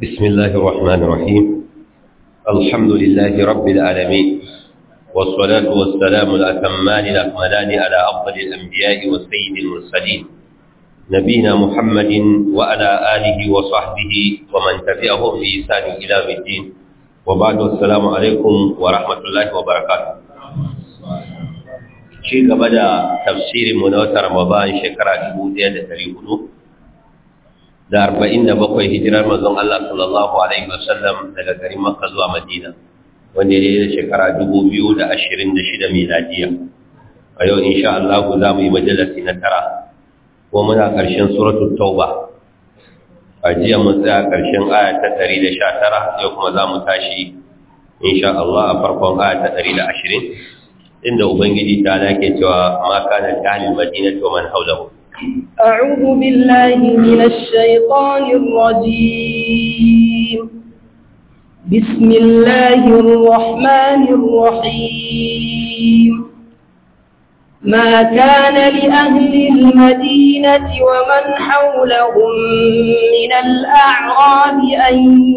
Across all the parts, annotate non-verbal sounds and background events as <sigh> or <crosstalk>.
بسم الله الرحمن الرحيم الحمد لله رب العالمين والصلاة والسلام الأتمان الأكملان على أفضل الأنبياء والسيد المرسلين نبينا محمد وعلى آله وصحبه ومن تبعهم بإحسان إلى الدين وبعد السلام عليكم ورحمة الله وبركاته ci gaba da tafsirin mu na watan Ramadan shekara 1400 da arba'in da bakwai hijirar mazan Allah sallallahu Alaihi wasallam daga garin Makka zuwa Madina, wanda ya yi da shekara dubu biyu da da ashirin shida miladiya. A yau, insha Allah, za mu yi majalasi na tara, kuma muna ƙarshen suratun tauba. A jiya mun tsaya ƙarshen aya ta ɗari da sha tara, yau kuma za mu tashi, insha Allah, a farkon aya ta ɗari da ashirin, inda Ubangiji ta ke cewa ma kana ta halin Madina to man haulahu. أعوذ بالله من الشيطان الرجيم بسم الله الرحمن الرحيم ما كان لأهل المدينة ومن حولهم من الأعراب أن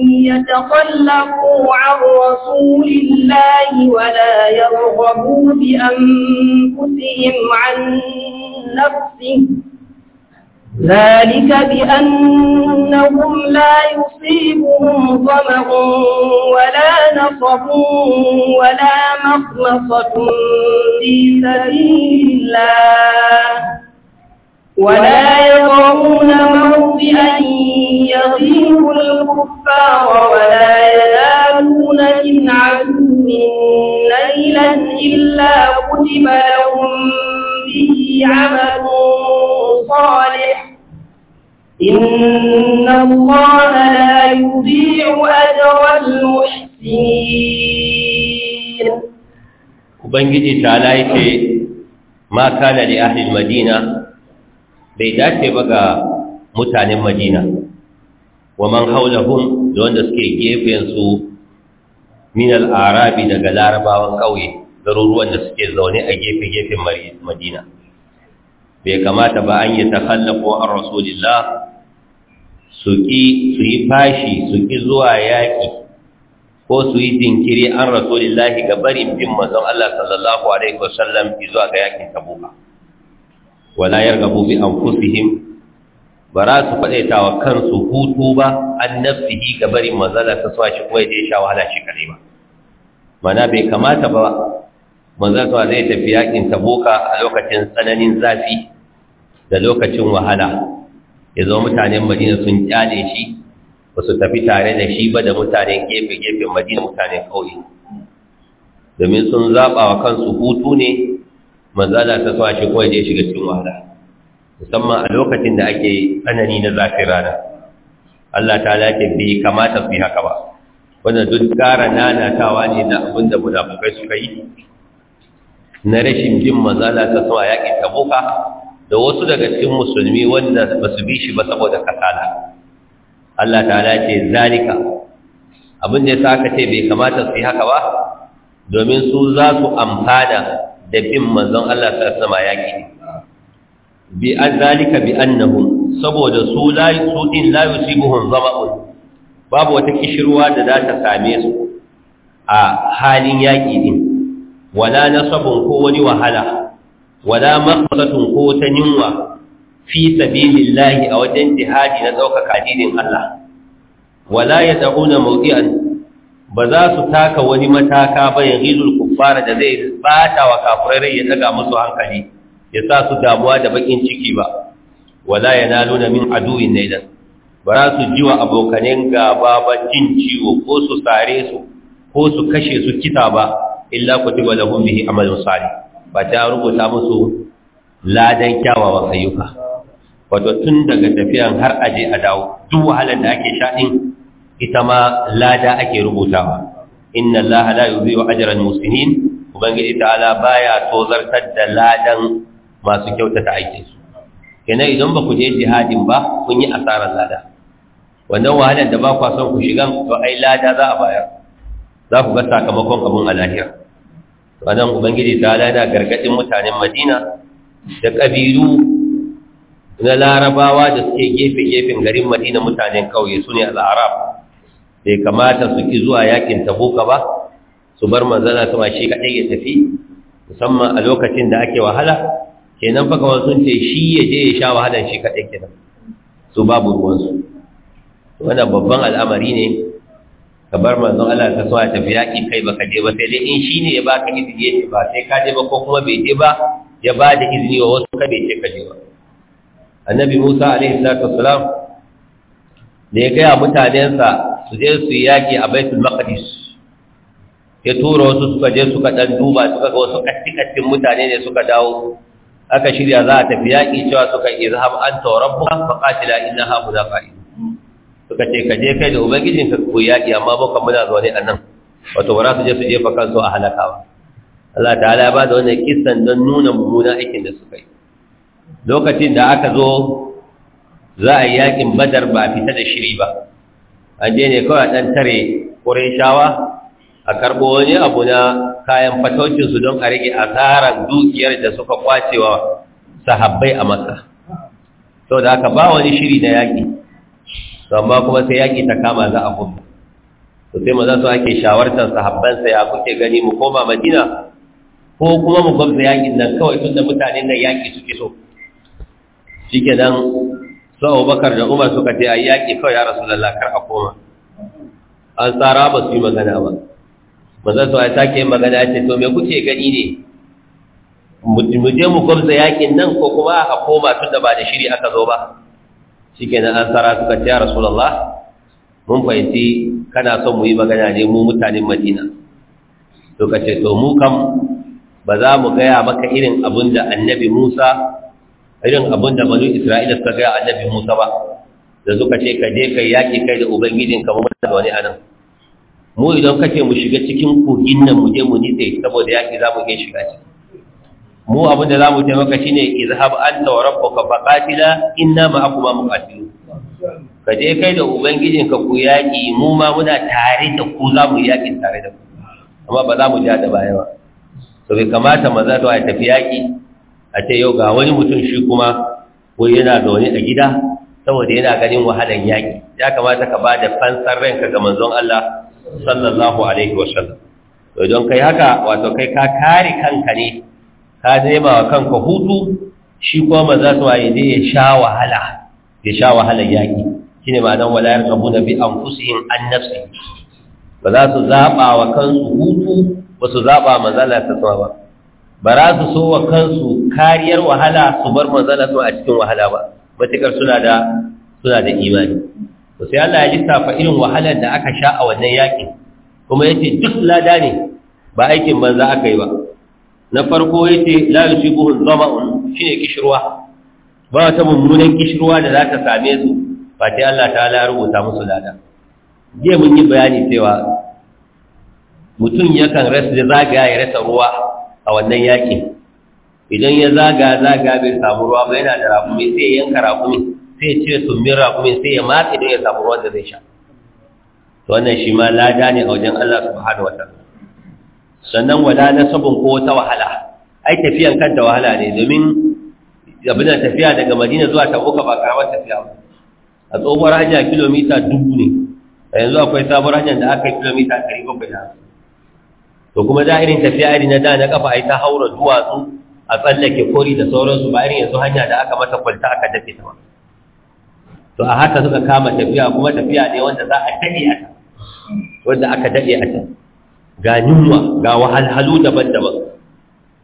يتخلقوا عن رسول الله ولا يرغبوا بأنفسهم عن نفسه ذلك بأنهم لا يصيبهم ظمأ ولا نصب ولا مخلصة في سبيل الله ولا يطعون موطئا يغيب الكفار ولا ubangiji ta ala yake ma kana da ahli madina bai dace ba ga mutanen madina wa man haulahum da wanda suke gefen su min arabi daga larabawan kauye garuruwan da suke zaune a gefe-gefen madina bai kamata ba an yi takallafo a rasulillah su yi fashi su ƙi zuwa yaƙi ko su yi jinkiri an rasulillahi ga barin bin mazan Allah sallallahu alaihi wasallam zuwa ga yakin tabuka wala yargabu bi anfusihim ba za su faɗaita wa kansu hutu ba an nafsihi ga barin manzala ta suwa shi kuma ya sha wahala shi kare ba mana bai kamata ba mazan ta zai tafi yakin tabuka a lokacin tsananin zafi da lokacin wahala ya zo mutanen madina sun kyale shi ba su tafi tare da shi ba da mutanen gefe-gefen madina mutanen kauye domin sun zaɓa wa kansu hutu ne manzala ta sa shi kawai da ya shiga cikin wahala musamman a lokacin da ake tsanani na zafin rana Allah ta lafi bi kamata su yi haka ba wanda duk ƙara nanatawa ne na abin da bukai suka yi na rashin jin manzala ta sa yaƙin tabuka da wasu daga cikin musulmi wanda ba su bi shi ba saboda kasala Allah ta'ala ce zalika abin da yasa aka ce bai kamata su yi haka ba domin su za su amfana da bin manzon Allah sallallahu alaihi wasallam yaki bi azalika bi annahum saboda su la yusudin la yusibuhum zama'un babu wata kishirwa da za ta same su a halin yaki din wala nasabun ko wani wahala wala maqsatun ko ta yunwa fi sabilillahi a wajen jihadi na ɗaukaka dinin Allah wala ya ta'una mawdi'an ba za su taka wani mataka ba yanzu kuffara da zai bata wa kafirai ya daga musu hankali ya sa su damuwa da bakin ciki ba wala yanaluna min aduwin nailan ba za su ji wa abokanin gaba ba jin ciwo ko su sare su ko su kashe su kita ba illa kutiba lahum bihi amalun salih ba ta rubuta musu ladan kyawawan ayyuka wato tun daga tafiyan har aje a dawo duk wahalar da ake sha din ita ma lada ake rubutawa inna allaha la yudhi'u ajran muslimin ubangiji ta'ala baya tozartar da ladan masu kyautata aikin su kenan idan ba ku je jihadin ba kun yi asarar lada wannan wahalar da ba ku son ku shigan to ai lada za a bayar za ku ga sakamakon abun alahira lahira wannan ubangiji ta yana gargadin mutanen madina da kabilu na larabawa da suke gefe-gefen garin madina mutanen kauye su ne al'arab bai kamata su ki zuwa yakin tabuka ba su bar manzana ta shi kaɗai ya tafi musamman a lokacin da ake wahala kenan fa kawai sun ce shi ya je ya sha wahalan shi kaɗai kenan su babu ruwansu wannan babban al'amari ne ka bar manzon Allah ta so a tafi yaƙi kai ba ka je ba sai dai in shi ne ya baka izini ya ba sai ka je ba ko kuma bai je ba ya ba da izini wa wasu ka bai ce ka je ba annabi musa alaihi salatu wassalam da ya gaya mutanensa su je su yi yaƙi a baitul maqdis ya tura wasu suka je suka ɗan duba suka ga wasu ƙatti mutane ne suka dawo aka shirya za a tafi yaƙi cewa suka izhab an tawrabbu faqatila innaha mudafa'in suka ce ka je kai da ubangijin ka ku yaƙi amma baka muna zuwa ne anan wato bara su je su jefa kansu a halakawa Allah ta'ala ba da wannan kissan don nuna mummunan aikin da suka yi lokacin da aka zo za a yi yakin badar ba fita da shiri ba an je ne kawai ɗan tare ƙurin shawa a karɓo wani abu na kayan fatocinsu don a rage asarar dukiyar da suka kwacewa sahabbai a maka sau da aka ba wani shiri na yaƙi amma kuma sai yaƙi ta kama za a kuma to sai maza su ake shawartar sahabbansa ya kuke gani mu koma madina ko kuma mu gwamza yaƙin nan kawai tun da mutane nan yaƙi suke so shike dan su abubakar da umar suka ce a yaƙi kawai ya rasu kar a koma an tsara ba su yi magana ba mazan su a sake magana ce to me kuke gani ne mu je mu gwamza yaƙin nan ko kuma a koma tun da ba da shiri aka zo ba shike nan an tsara suka ce ya rasu mun fahimci kana son mu yi magana ne mu mutanen madina to ka ce to mu kam ba za mu gaya maka irin abin da annabi musa irin abin da banu isra'ila suka gaya annabi musa ba da suka ce ka je kai yaƙi kai da ubangijin ka mun da wani anan mu idan kace mu shiga cikin kogin nan mu je mu nitse saboda yaƙi za mu iya shiga ciki mu abin da za mu taimaka shi ne izhab anta wa rabbuka faqatila inna ma'akuma muqatilun ka je kai da ubangijin ka ku yaki mu ma muna tare da ku za mu yaki tare da ku amma ba za mu ja da baya ba to bai kamata maza to a tafi yaki a ce yau ga wani mutum shi kuma ko yana da wani a gida saboda yana ganin wahalar yaƙi ya kamata ka ba da fansar ranka ga manzon Allah sallallahu alaihi wa sallam. to don kai haka wato kai ka kare kanka ne ka zama wa kanka hutu shi kuma maza su waye ya sha wahala ya sha wahalan yaƙi shine ma'anar wala yarqabuna bi anfusihim an nafsi ba za su zaba wa kansu hutu ba su zaba manzon Allah sallallahu alaihi ba za su so wa kansu kariyar wahala su bar manzana su a cikin wahala ba matukar suna da imani to sai Allah ya lissafa irin wahalar da aka sha a wannan yakin kuma ce duk lada ne ba aikin banza aka yi ba na farko buhun la yusibuhu shi shine kishirwa ba ta mummunan kishirwa da za ta same su ba sai Allah ta ya rubuta musu lada jiya mun yi bayani cewa mutum yakan rasa zagaya ya rasa ruwa a wannan yakin idan ya zaga zaga bai samu ruwa ba yana da rakumi sai ya yanka rakumi sai ya cire tumbin rakumi sai ya matse don ya samu ruwan da zai sha to wannan shi ma lada ne a wajen Allah subhanahu wataala sannan wala sabon ko wata wahala ai tafiyan kanta wahala ne domin abin da tafiya daga Madina zuwa Tabuka ba karamar tafiya ba a tsohuwar hanya kilomita dubu ne a yanzu akwai sabuwar hanyar da aka yi kilomita 700 to kuma da irin tafiya irin na da na kafa ai ta haura duwatsu a tsallake kori da sauransu ba irin yanzu hanya da aka mata kwalta aka dafe ta ba to a haka suka kama tafiya kuma tafiya ne wanda za a daɗe a ta wanda aka daɗe a ta ga yunwa ga wahalhalu daban-daban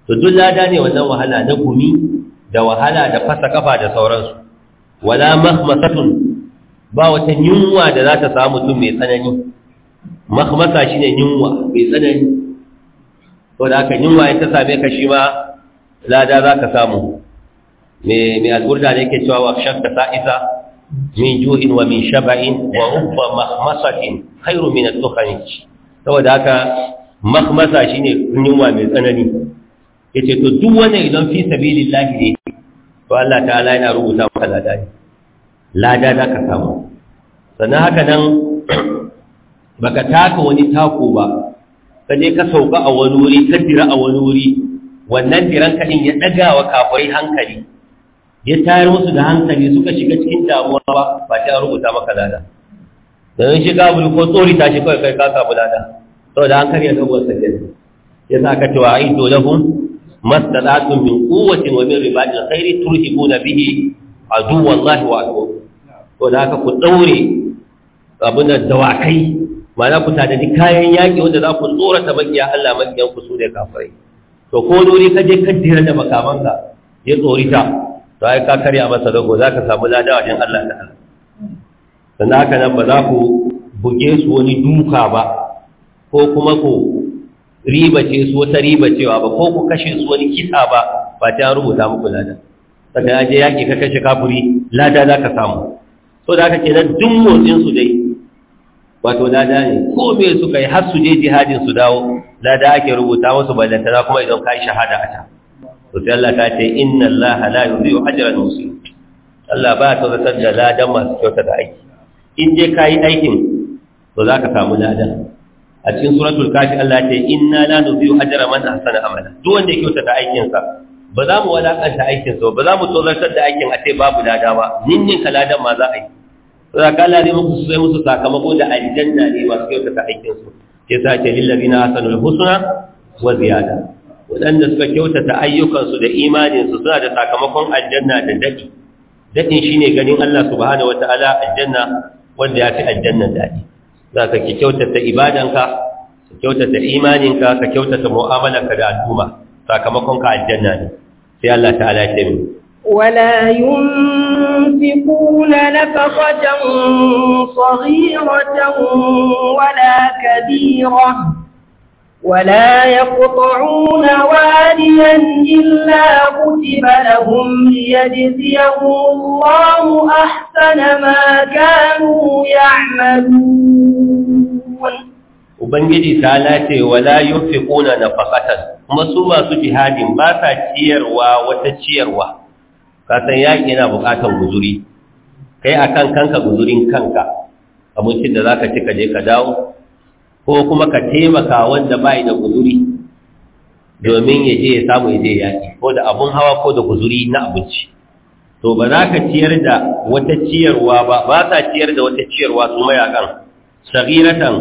to duk lada ne wannan wahala na gumi da wahala da fasa kafa da sauransu wala mahmasatun ba wata yunwa da za ta samu mutum mai tsanani mahmasa shine yunwa mai tsanani ko da aka yunwa ya ta same ka shi ma lada za ka samu mai alburda ne ke cewa wa shakka sa'isa min juhin wa min shaba'in wa rubba mahmasatin khairu min ad-dukhan saboda haka mahmasa shine yunwa mai tsanani yace to duk wannan idan fi sabilillahi ne to Allah ta'ala yana rubuta maka lada lada za ka samu sannan haka nan <clears throat> baka taka wani tako ba ka je ka sauka a wani wuri ka dira a wani wuri wannan diran ka din ya daga wa kafirai hankali ya tayar musu da hankali suka shiga cikin damuwa ba ba ta rubuta maka lada don shi kabul ko tsori ta shi kawai kai ka samu lada saboda an karya dogon sakin ya sa ka cewa ai to lahum mastalatun min quwwatin wa min ribatil khairi turhibuna bihi aduwallahi wa aduwwakum to da haka ku daure abin da dawakai za ku tanadi kayan yaƙi wanda za ku tsorata makiya Allah makiyan ku su ne kafirai to ko dole ka je ka dira da makamanka ya tsorita to ai ka karya masa dago, za ka samu lada wajen Allah ta Allah sannan haka nan ba za ku buge su wani duka ba ko kuma ku ce su wata riba cewa ba ko ku kashe su wani kisa ba ba ta rubuta muku lada saka ya je yaƙi ka kashe kafuri lada za ka samu so da haka kenan duk motsin su dai wato lada ne ko me suka yi har su je jihadin su dawo lada ake rubuta musu ballantana kuma idan ka yi shahada a ta to sai Allah ta ce inna Allah la yudhi'u ajran muslim Allah ba ta rasar da ladan masu kyauta da aiki in je ka yi aikin to za ka samu lada a cikin suratul kafi Allah ta ce inna la nudhi'u ajra man ahsana amala duk wanda ya kyauta da aikin sa ba za mu wadakanta aikin sa ba za mu tozartar da aikin a ce babu lada ba ninnin ka ladan ma za a yi saboda Allah ne muku sai musu sakamako da aljanna ne masu kyautata aikin su ke sa ce lillazina hasanul husna wa ziyada wadanda suka kyautata ayyukan su da imanin su suna da sakamakon aljanna da dadi dadin shine ganin Allah subhanahu wataala aljanna wanda ya fi aljanna dadi za ka ki kyautata ibadanka ka kyautata imaninka ka kyautata mu'amalarka da al'umma sakamakon ka aljanna ne sai Allah ta'ala ya ce ولا ينفقون نفقة صغيرة ولا كبيرة ولا يقطعون واديا إلا كتب لهم ليجزيهم الله أحسن ما كانوا يعملون Ubangiji ta lace wala yunfiquna nafaqatan kuma su masu jihadin ba sa ciyarwa wata ciyarwa ka san yaƙi yana buƙatar guzuri kai a kan kanka guzurin kanka abincin da za ka ci ka je ka dawo ko kuma ka taimaka wanda bai da guzuri domin ya je ya samu ya je yaƙi ko da abun hawa ko da guzuri na abinci to ba za ka ciyar da wata ciyarwa ba ba sa ciyar da wata ciyarwa su mayakan sagiratan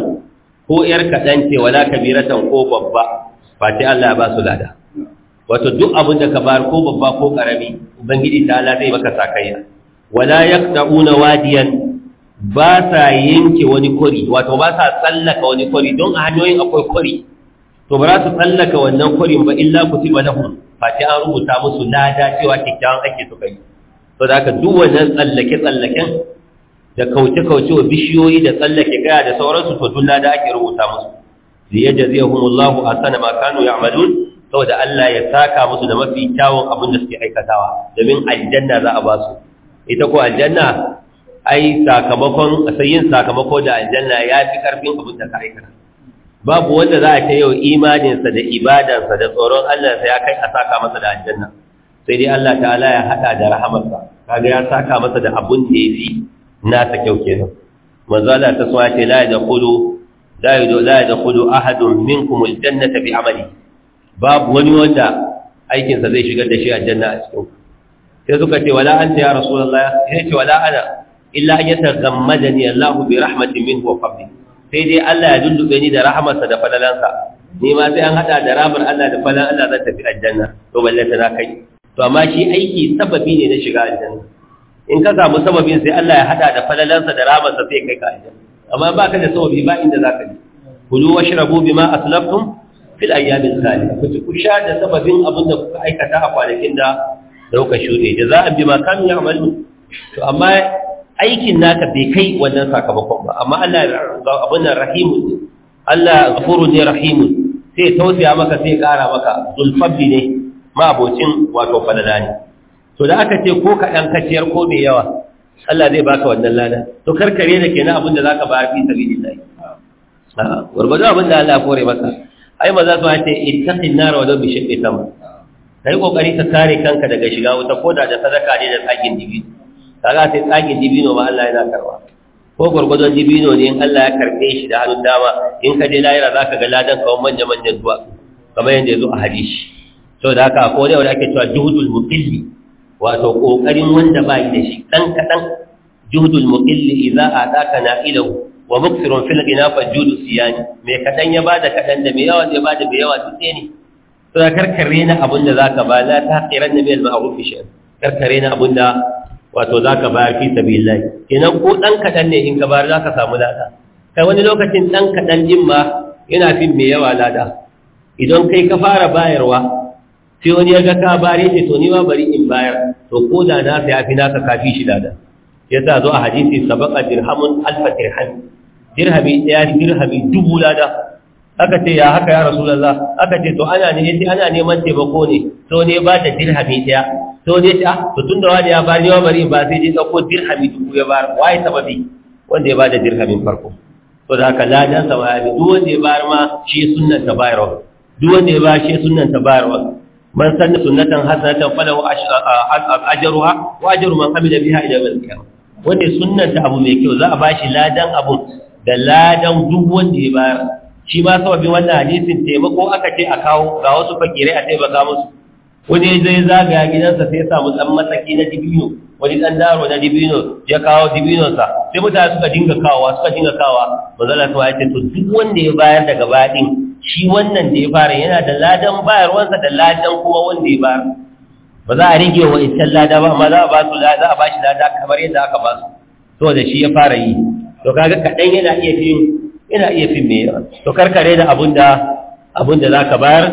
ko ‘yar kaɗan ce wala kabiratan ko babba ba ce Allah ba su lada wato duk abin da ka bar ko babba ko karami ubangiji ta Allah zai maka sakayya wala yaqta'una wadiyan ba sa yanke wani kori wato ba sa tsallaka wani kori don a hanyoyin akwai kori to ba za su tsallaka wannan korin ba illa kutiba lahum fa sai an rubuta musu lada cewa kikkiawan ake su to da haka duk wannan tsallake tsallaken da kauce kauce wa bishiyoyi da tsallake gaya da sauransu to duk lada ake rubuta musu liyajziyahumullahu ahsana ma kanu ya'malun saboda Allah ya saka musu da mafi kyawun abin da suke aikatawa domin aljanna za a ba su ita ko aljanna ai sakamakon sayin sakamako da aljanna ya fi karfin abin da ka aikata babu wanda za a kai yau imaninsa da ibadansa da tsoron Allah ya kai a saka masa da aljanna sai dai Allah ta'ala ya hada da rahamarsa kaga ya saka masa da abun da yafi nasa kyau kenan manzo Allah ta so ya ce la yadkhulu la yadkhulu ahadun minkum aljannata bi amali babu wani wanda aikinsa zai shigar da shi a janna a cikin sai suka ce wala anta ya rasulullah sai ce wala ana illa an yatagammadani Allah bi rahmatin minhu wa fadli sai dai Allah ya dundube ni da rahamarsa da falalansa ni ma sai an haɗa da rabar Allah da falan Allah zan tafi aljanna to balle na kai to amma shi aiki sababi ne na shiga aljanna in ka samu sababin sai Allah ya haɗa da falalansa da ramarsa sai kai ka aljanna amma ba ka da sababi ba inda ka je kulu washrabu bima aslaftum fil ayyamin sali ku ci ku sha da sababin abin da kuka aikata a kwanakin da dauka shuɗe da za a bi makamin ya amalu to amma aikin naka bai kai wannan sakamakon ba amma Allah ga abin nan rahimun Allah ghafuru ne rahimun sai tausaya maka sai ƙara maka zulfabbi ne ma abocin wato falala ne to da aka ce ko kaɗan kaciyar ko mai yawa Allah zai baka wannan lada to karkare da kenan abin da zaka ba fi sabilillah gurgurdo abin da Allah ya kore maka ai za su ce ittaqin nar wa bi shiqqi tam kai kokari ka kare kanka daga shiga wuta ko da da sadaka ne da tsagin dibino kaga sai tsagin dibino ba Allah yana karwa ko gwargwadon dibino ne in Allah ya karbe shi da hannun dama in ka je lahira zaka ga ladan wannan manya manyan duwa kamar yanda yazo a hadisi saboda haka ko da wanda ake cewa juhudul muqilli wato kokarin wanda ba da shi dan kadan juhudul muqilli idza ataka na'ilahu wa muksirun fil ghina fa judu siyani me kadan ya bada kadan da me yawa ya bada me yawa duk ne to karkare na abin da zaka ba la ta qiran nabi al ma'ruf shi karkare na abin da wato zaka ba fi sabilillah kenan ko dan kadan ne in ka bar zaka samu lada kai wani lokacin dan kadan din ma yana fin me yawa lada idan kai ka fara bayarwa sai wani ya ga ka bari shi to ni ma bari in bayar to ko da na sai afi naka kafi shi lada yasa zo a hadisi sabaqa dirhamun alfa dirham dirhami ɗaya dirhami dubu lada aka ce ya haka ya rasulullah aka ce to ana ne yace ana neman taimako ne to ne ba ta dirhami ɗaya to ne ta ah, to tunda wani ya bani wa bari ba sai dai dauko dirhami dubu ya bar wai sababi wanda ya bada dirhamin farko to da haka ladan sa wai duk wanda ya bar ma shi sunnan ta bayarwa duk wanda ya bar shi sunnan ta bayarwa man san sunnatan hasanatan falahu ajruha wa ajru man amila biha ila yawm al-qiyamah wanda sunnan ta abu mai kyau za a bashi ladan abun da ladan duk wanda ya bayar shi ma sababi wannan hadisin taimako aka ce a kawo ga wasu fakirai a taimaka musu wani zai zagaya gidansa sai ya samu dan matsaki na dibino wani dan daro na dibino ya kawo dibinonsa sai mutane suka dinga kawowa suka dinga kawowa manzala ta ce to duk wanda ya bayar daga baɗin shi wannan da ya fara yana da ladan bayarwansa da ladan kuma wanda ya bayar ba za a rige wa isan lada ba amma za a ba su lada a ba shi lada kamar yadda aka ba su to da shi ya fara yi to kaga kaɗan yana iya fin yana iya fin me to karkare da abun da za ka bayar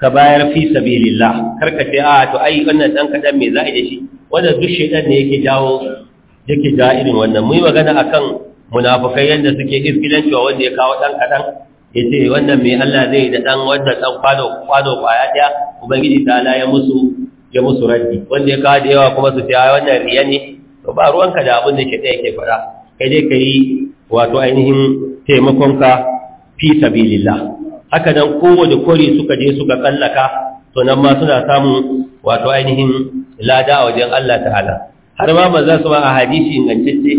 ka bayar fi sabilillah karka ce a to ai wannan dan kaɗan me za a yi shi wannan duk shedan ne yake jawo yake jawo irin wannan mu yi magana akan munafikai yadda suke iskilanci wa wanda ya kawo ɗan kaɗan ya ce wannan me Allah zai da dan wanda ɗan kwano kwaya ɗaya ubangiji ta ala ya musu ya musu raddi wanda ya kawo da yawa kuma su ce wannan riya ne to ba ruwanka da abin da ke ɗaya ke faɗa Ka je ka yi wato ainihin taimakonka fi sabilillah haka nan kowace kori suka je suka kallaka to nan ma suna samun wato ainihin lada a wajen Allah ta'ala har ma manzo ba a hadisi ingantacce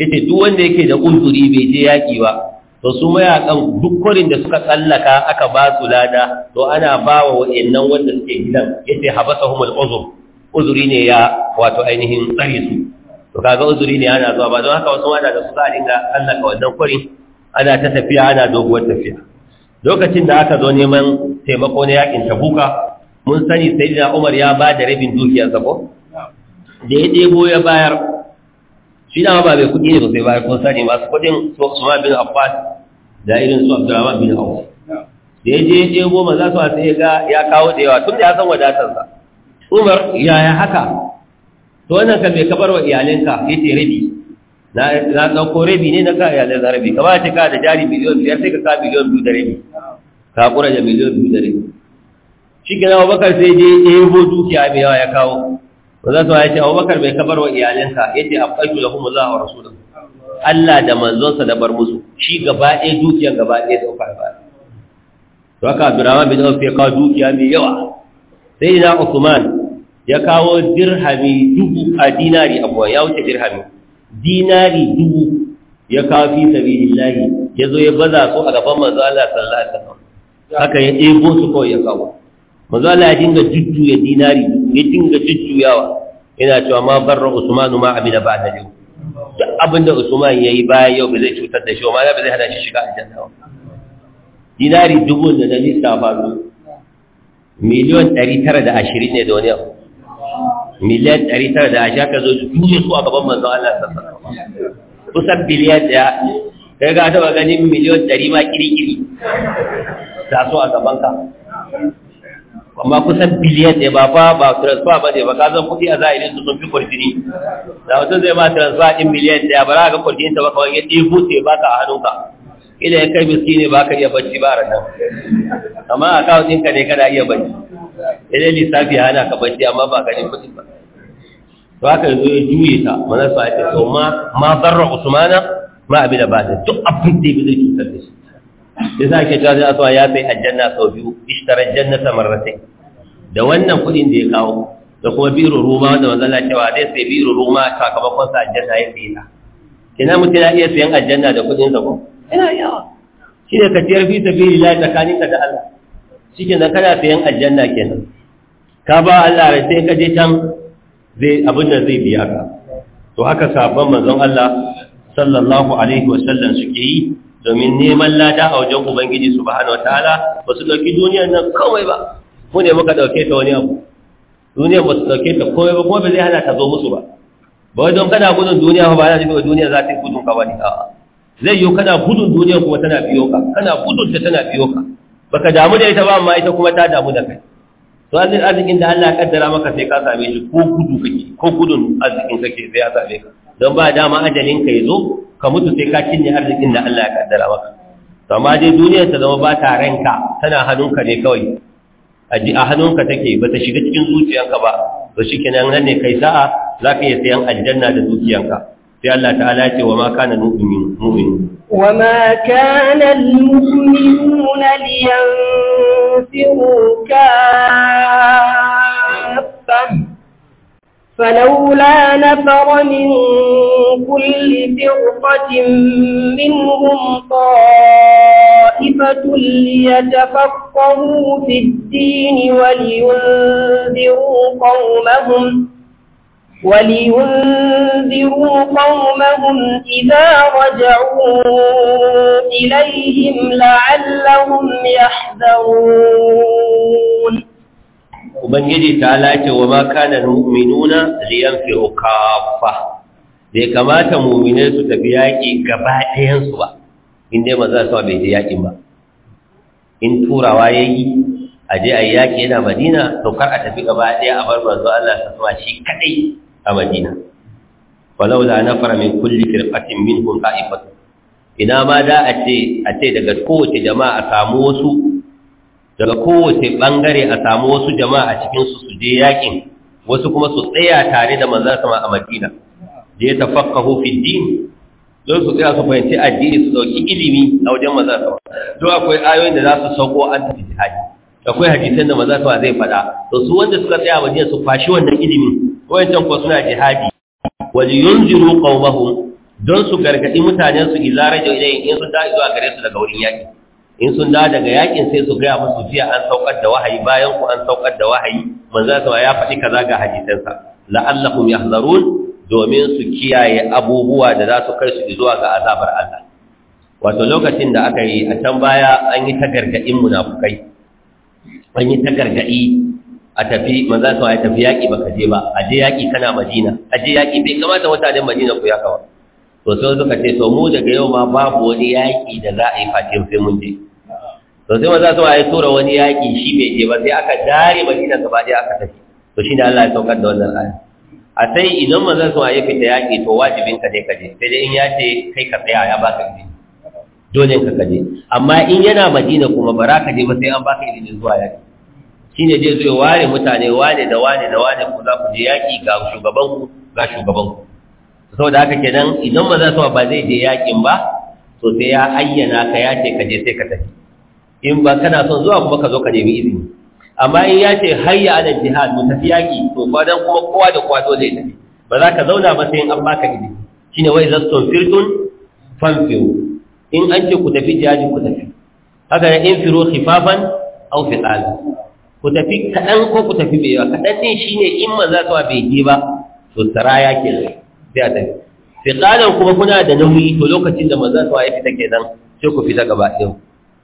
yace duk wanda yake da uzuri bai je yaki ba to su mayakan duk korin da suka tsallaka aka ba su lada to ana bawa wa wanda suke gidan yace habasahumul uzur uzuri ne ya wato ainihin tsare su to kaga uzuri ne ana zuwa ba don haka wasu wanda da su za a dinga tsallaka wannan kuri ana ta tafiya ana doguwar tafiya lokacin da aka zo neman taimako na yakin tabuka mun sani sayyidina Umar ya ba da rabin dukiya ko da ya debo ya bayar shi da ba bai kuɗi ne ba sai bayar kun sani masu kuɗin su Usman bin Affan da irin su Abdurrahman bin Auf da ya je ya goma za su a sai ga ya kawo da yawa tun da ya san wadatarsa Umar yaya haka to wannan kan mai kabar wa iyalinka ya ce rabi na ɗauko rabi ne na ka iyalin zarabi ka ba ta ka da jari miliyon biyar sai ka ka miliyon biyu da rabi ka kura da miliyon biyu da rabi shi ke na abubakar sai je ya yi ho dukiya mai yawa ya kawo ba za su ya ce abubakar mai kabar wa iyalinka ya ce afƙaitu da kuma wasu da su? Allah da manzonsa da bar musu shi gaba ɗaya dukiyan gaba ɗaya da ɗauka ba to haka abdurrahman bin auf ya kawo dukiya mai yawa sai na usman ya kawo dirhami dubu a dinari abuwa ya wuce dirhami dinari dubu ya kawo fi lillahi ya zo ya baza su a gaban mazala Allah sallallahu alaihi wasallam haka ya ɗebo su kawai ya kawo Mazala Allah ya dinga jujjuya dinari ya dinga jujjuyawa yana cewa ma barra usmanu ma abida ba da yau duk abin da usman ya yi bayan yau ba zai cutar da shi ba ma ba zai hada shi shiga aljanna ba dinari dubu da na lissafa miliyon ɗari tara da ashirin ne da wani abu miliyan tara da ashe ka zo juye su a gaban manzon Allah sallallahu kusan biliyan ɗaya kai ga taba ganin miliyan ɗari ma kirikiri ta so a gaban ka amma kusan biliyan ɗaya ba fa ba transfer ba ne ba ka zan kuɗi a zahirin su sun fi kwarjini da wata zai ma transfer ɗin miliyan ɗaya ba za ka kwarfini ta ba kawai ya ɗibu ce ba ka a ka ila ya kai miski ne ba ka iya bacci ba a rana amma a kawo ɗinka ne kana iya bacci idan lissafi ya hana ka bacci amma ba ganin kuɗi ba to haka yanzu ya juye ta mana su ake to ma ma zarra usmana ma abi da bada duk abin da ya zai cutar da shi ya sa ke cewa zai ya sai aljanna sau biyu ishtara jannata marratai da wannan kuɗin da ya kawo da kuma biro roma wanda manzala cewa dai sai biro roma sakamakon sa aljanna ya sai ta Kina mutum ya iya sayan aljanna da kuɗin sa ko ina yawa shi ne ka tiyar fi sabili la tsakaninka da Allah shi ke nan kana fiyan aljanna kenan ka ba Allah rai sai ka je can zai abin da zai biya ka to haka sabon manzon Allah sallallahu alaihi wasallam suke yi domin neman lada a wajen ubangiji subhanahu wataala ba su dauki duniyar nan kawai ba mu ne muka dauke ta wani abu duniyar ba su dauke ta kawai ba kuma ba zai hana ta zo musu ba ba don kana gudun duniya ba yana jikin duniya za ta yi gudun ka wani a'a zai yi kana gudun duniya kuma tana biyo ka kana gudun ta tana biyo ka baka damu da ita ba amma ita kuma ta damu da kai to azin arzikin da Allah ya kaddara maka sai ka same shi ko gudu kake ko gudun arzikin kake sai ya same ka don ba dama ajalin ka yazo ka mutu sai ka cinye arzikin da Allah ya kaddara maka to amma dai duniyar ta zama ba ta ranka tana hannunka ne kawai a hannunka take ba ta shiga cikin zuciyanka ba to shikenan nan ne kai sa'a zaka iya sayan aljanna da zuciyanka sai Allah ta'ala ya ce wa ma kana mu'minu wa ma kana al-mu'minuna liyanfiru kaffan فلولا نفر من كل فرقة منهم طائفة ليتفقهوا في الدين ولينذروا قومهم ولينذروا قومهم إذا رجعوا إليهم لعلهم يحذرون Ubangiji ta lace wa maka da mu'minuna liyan fi ukafa, bai kamata mu'minai su tafi yaƙi gaba ɗayansu ba, inda za su bai je yaƙin ba. In turawa ya yi, a je a yi yaƙi yana madina, to kar a tafi gaba ɗaya a bar manzo Allah ta shi kaɗai a madina walaula nafara min kulli firqatin minhum ta'ifatu ina ma da a ce a ce daga kowace jama'a a samu wasu daga kowace bangare a samu wasu jama'a a cikin su su je yakin wasu kuma su tsaya tare da manzon sama a madina da ya tafaqahu fi din don su tsaya su fahimci addini su dauki ilimi a wajen manzon sama to akwai ayoyin da za su sauko an tafi jihadi akwai hadisan da maza sama zai fada to su wanda suka tsaya wajen su fashi wannan ilimin. wayancan ko suna jihadi wal yunziru qawmahum don su gargadi mutanen su idza rajo ilayhi in sun da zuwa gare su daga wurin yaki in sun da daga yakin sai su gaya musu jiya an saukar da wahayi bayan ku an saukar da wahayi manzo sa ya faɗi kaza ga hadisansa la'allahum yahzarun domin su kiyaye abubuwa da za su kai su zuwa ga azabar Allah wato lokacin da aka yi a can baya an yi ta gargadin an yi ta gargadi a tafi manzo sa ya tafi yaki baka je ba a je yaki kana Madina a je yaki bai kamata mutanen Madina ku ya kawo to sai suka ce to mu daga yau ma babu wani yaki da za a yi fatin sai mun je to sai manzo sa ya tura wani yaki shi bai je ba sai aka dare Madina gaba ɗaya aka tafi to shi ne Allah ya saukar da wannan aya a sai idan manzo sa ya fita yaki to wajibin ka dai ka je sai dai in ya ce kai ka tsaya ya baka izini dole ka kaje amma in yana Madina kuma baraka je ba sai an baka izini zuwa yaki shine zai zo ware mutane wane da wane da wane ku za ku je yaƙi ga shugaban ku ga shugaban ku saboda haka kenan idan ba za su ba zai je yaƙin ba to sai ya ayyana ka ya ce ka je sai ka tafi in ba kana son zuwa kuma ka zo ka nemi izini amma in ya ce hayya ala jihad mu tafi yaƙi to ba dan kuma kowa da kowa dole zai tafi ba za ka zauna ba sai in an baka izini shine wai zastun firtun fanfiru in an ce ku tafi jihadin ku tafi haka ne in firo khifafan aw fiqala ku tafi kaɗan ko ku tafi mai yawa kaɗan ɗin shi ne in maza kawa bai je ba to ya ke sai a tafi fiƙalan kuma kuna da nauyi to lokacin da maza wa ya fita kenan sai ku fita gaba ɗin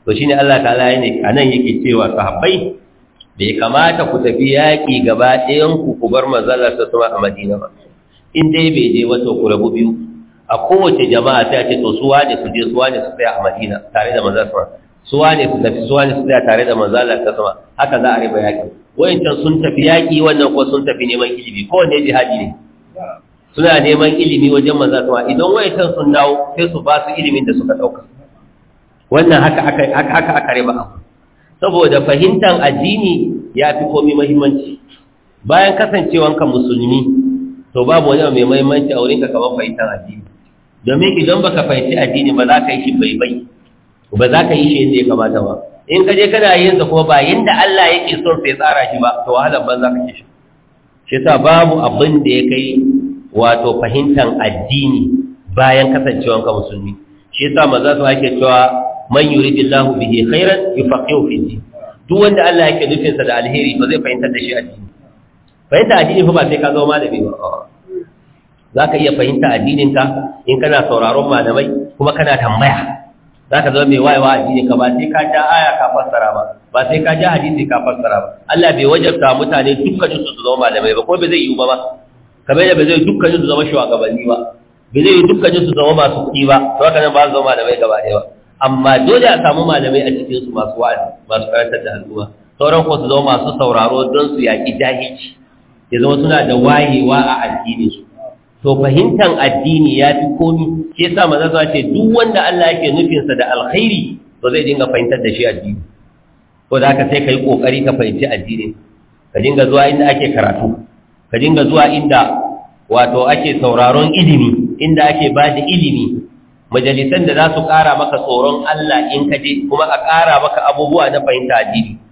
to shi ne allah ta ya ne a nan yake cewa haɓai bai kamata ku tafi yaƙi gaba ɗayan ku ku bar mazalar su a madina ba in dai bai je wato ku rabu biyu a kowace jama'a sai a ce to wa ne su je wa ne su tsaya a madina tare da su wa suwa ne su tafi suwa ne su tsaya tare da manzala ta sama haka za a riba yaƙi wayancan sun tafi yaƙi wannan ko sun tafi neman ilimi ko ne jihadi ne suna neman ilimi wajen manzala sama idan wayancan sun dawo sai su ba su ilimin da suka ɗauka wannan haka aka haka haka aka riba abu saboda fahimtar addini ya fi komai muhimmanci bayan ka musulmi to babu wani mai muhimmanci a wurinka kamar fahimtar addini domin idan baka fahimci addini ba za ka yi shi bai bai ba za ka yi shi yadda ya kamata ba in ka je kana yin sa kuma ba yadda Allah yake son sai tsara shi ba to wahalar ban za ka yi shi shi sa babu abin da ya kai wato fahimtar addini bayan kasancewar ka musulmi shi sa maza su ake cewa man yuridillahu bihi khairan yufaqihu fi din duk wanda Allah yake nufin sa da alheri ba zai fahimtar da shi addini Fahimtar addini fa ba sai ka zo malami ba za ka iya fahimta ka in kana sauraron malamai kuma kana tambaya za ka zama mai wayewa a jini ka ba sai ka ja aya ka fassara ba ba sai ka ja hadisi ka fassara ba Allah bai wajabta mutane dukkan su su zama malamai ba ko bai zai yi ba ba kamar yadda bai zai dukkan su zama shugabanni ba bai zai yi su zama masu kuɗi ba to haka nan ba su zama malamai gaba ɗaya ba amma dole a samu malamai a cikin su masu wa'azi masu karantar da al'umma sauran ko su zama masu sauraro don su yaƙi jahilci ya zama suna da wayewa a addinin su to fahimtan addini ya fi komi ke yasa maza ce duk wanda Allah yake nufinsa da alkhairi to zai dinga fahimtar da shi addini ko da ka sai yi kokari ka fahimci addini ka dinga zuwa inda ake karatu ka dinga zuwa inda wato ake sauraron ilimi inda ake ba da ilimi majalisan da za su ƙara maka tsoron Allah in ka je kuma a ƙara maka abubuwa na fahimta addini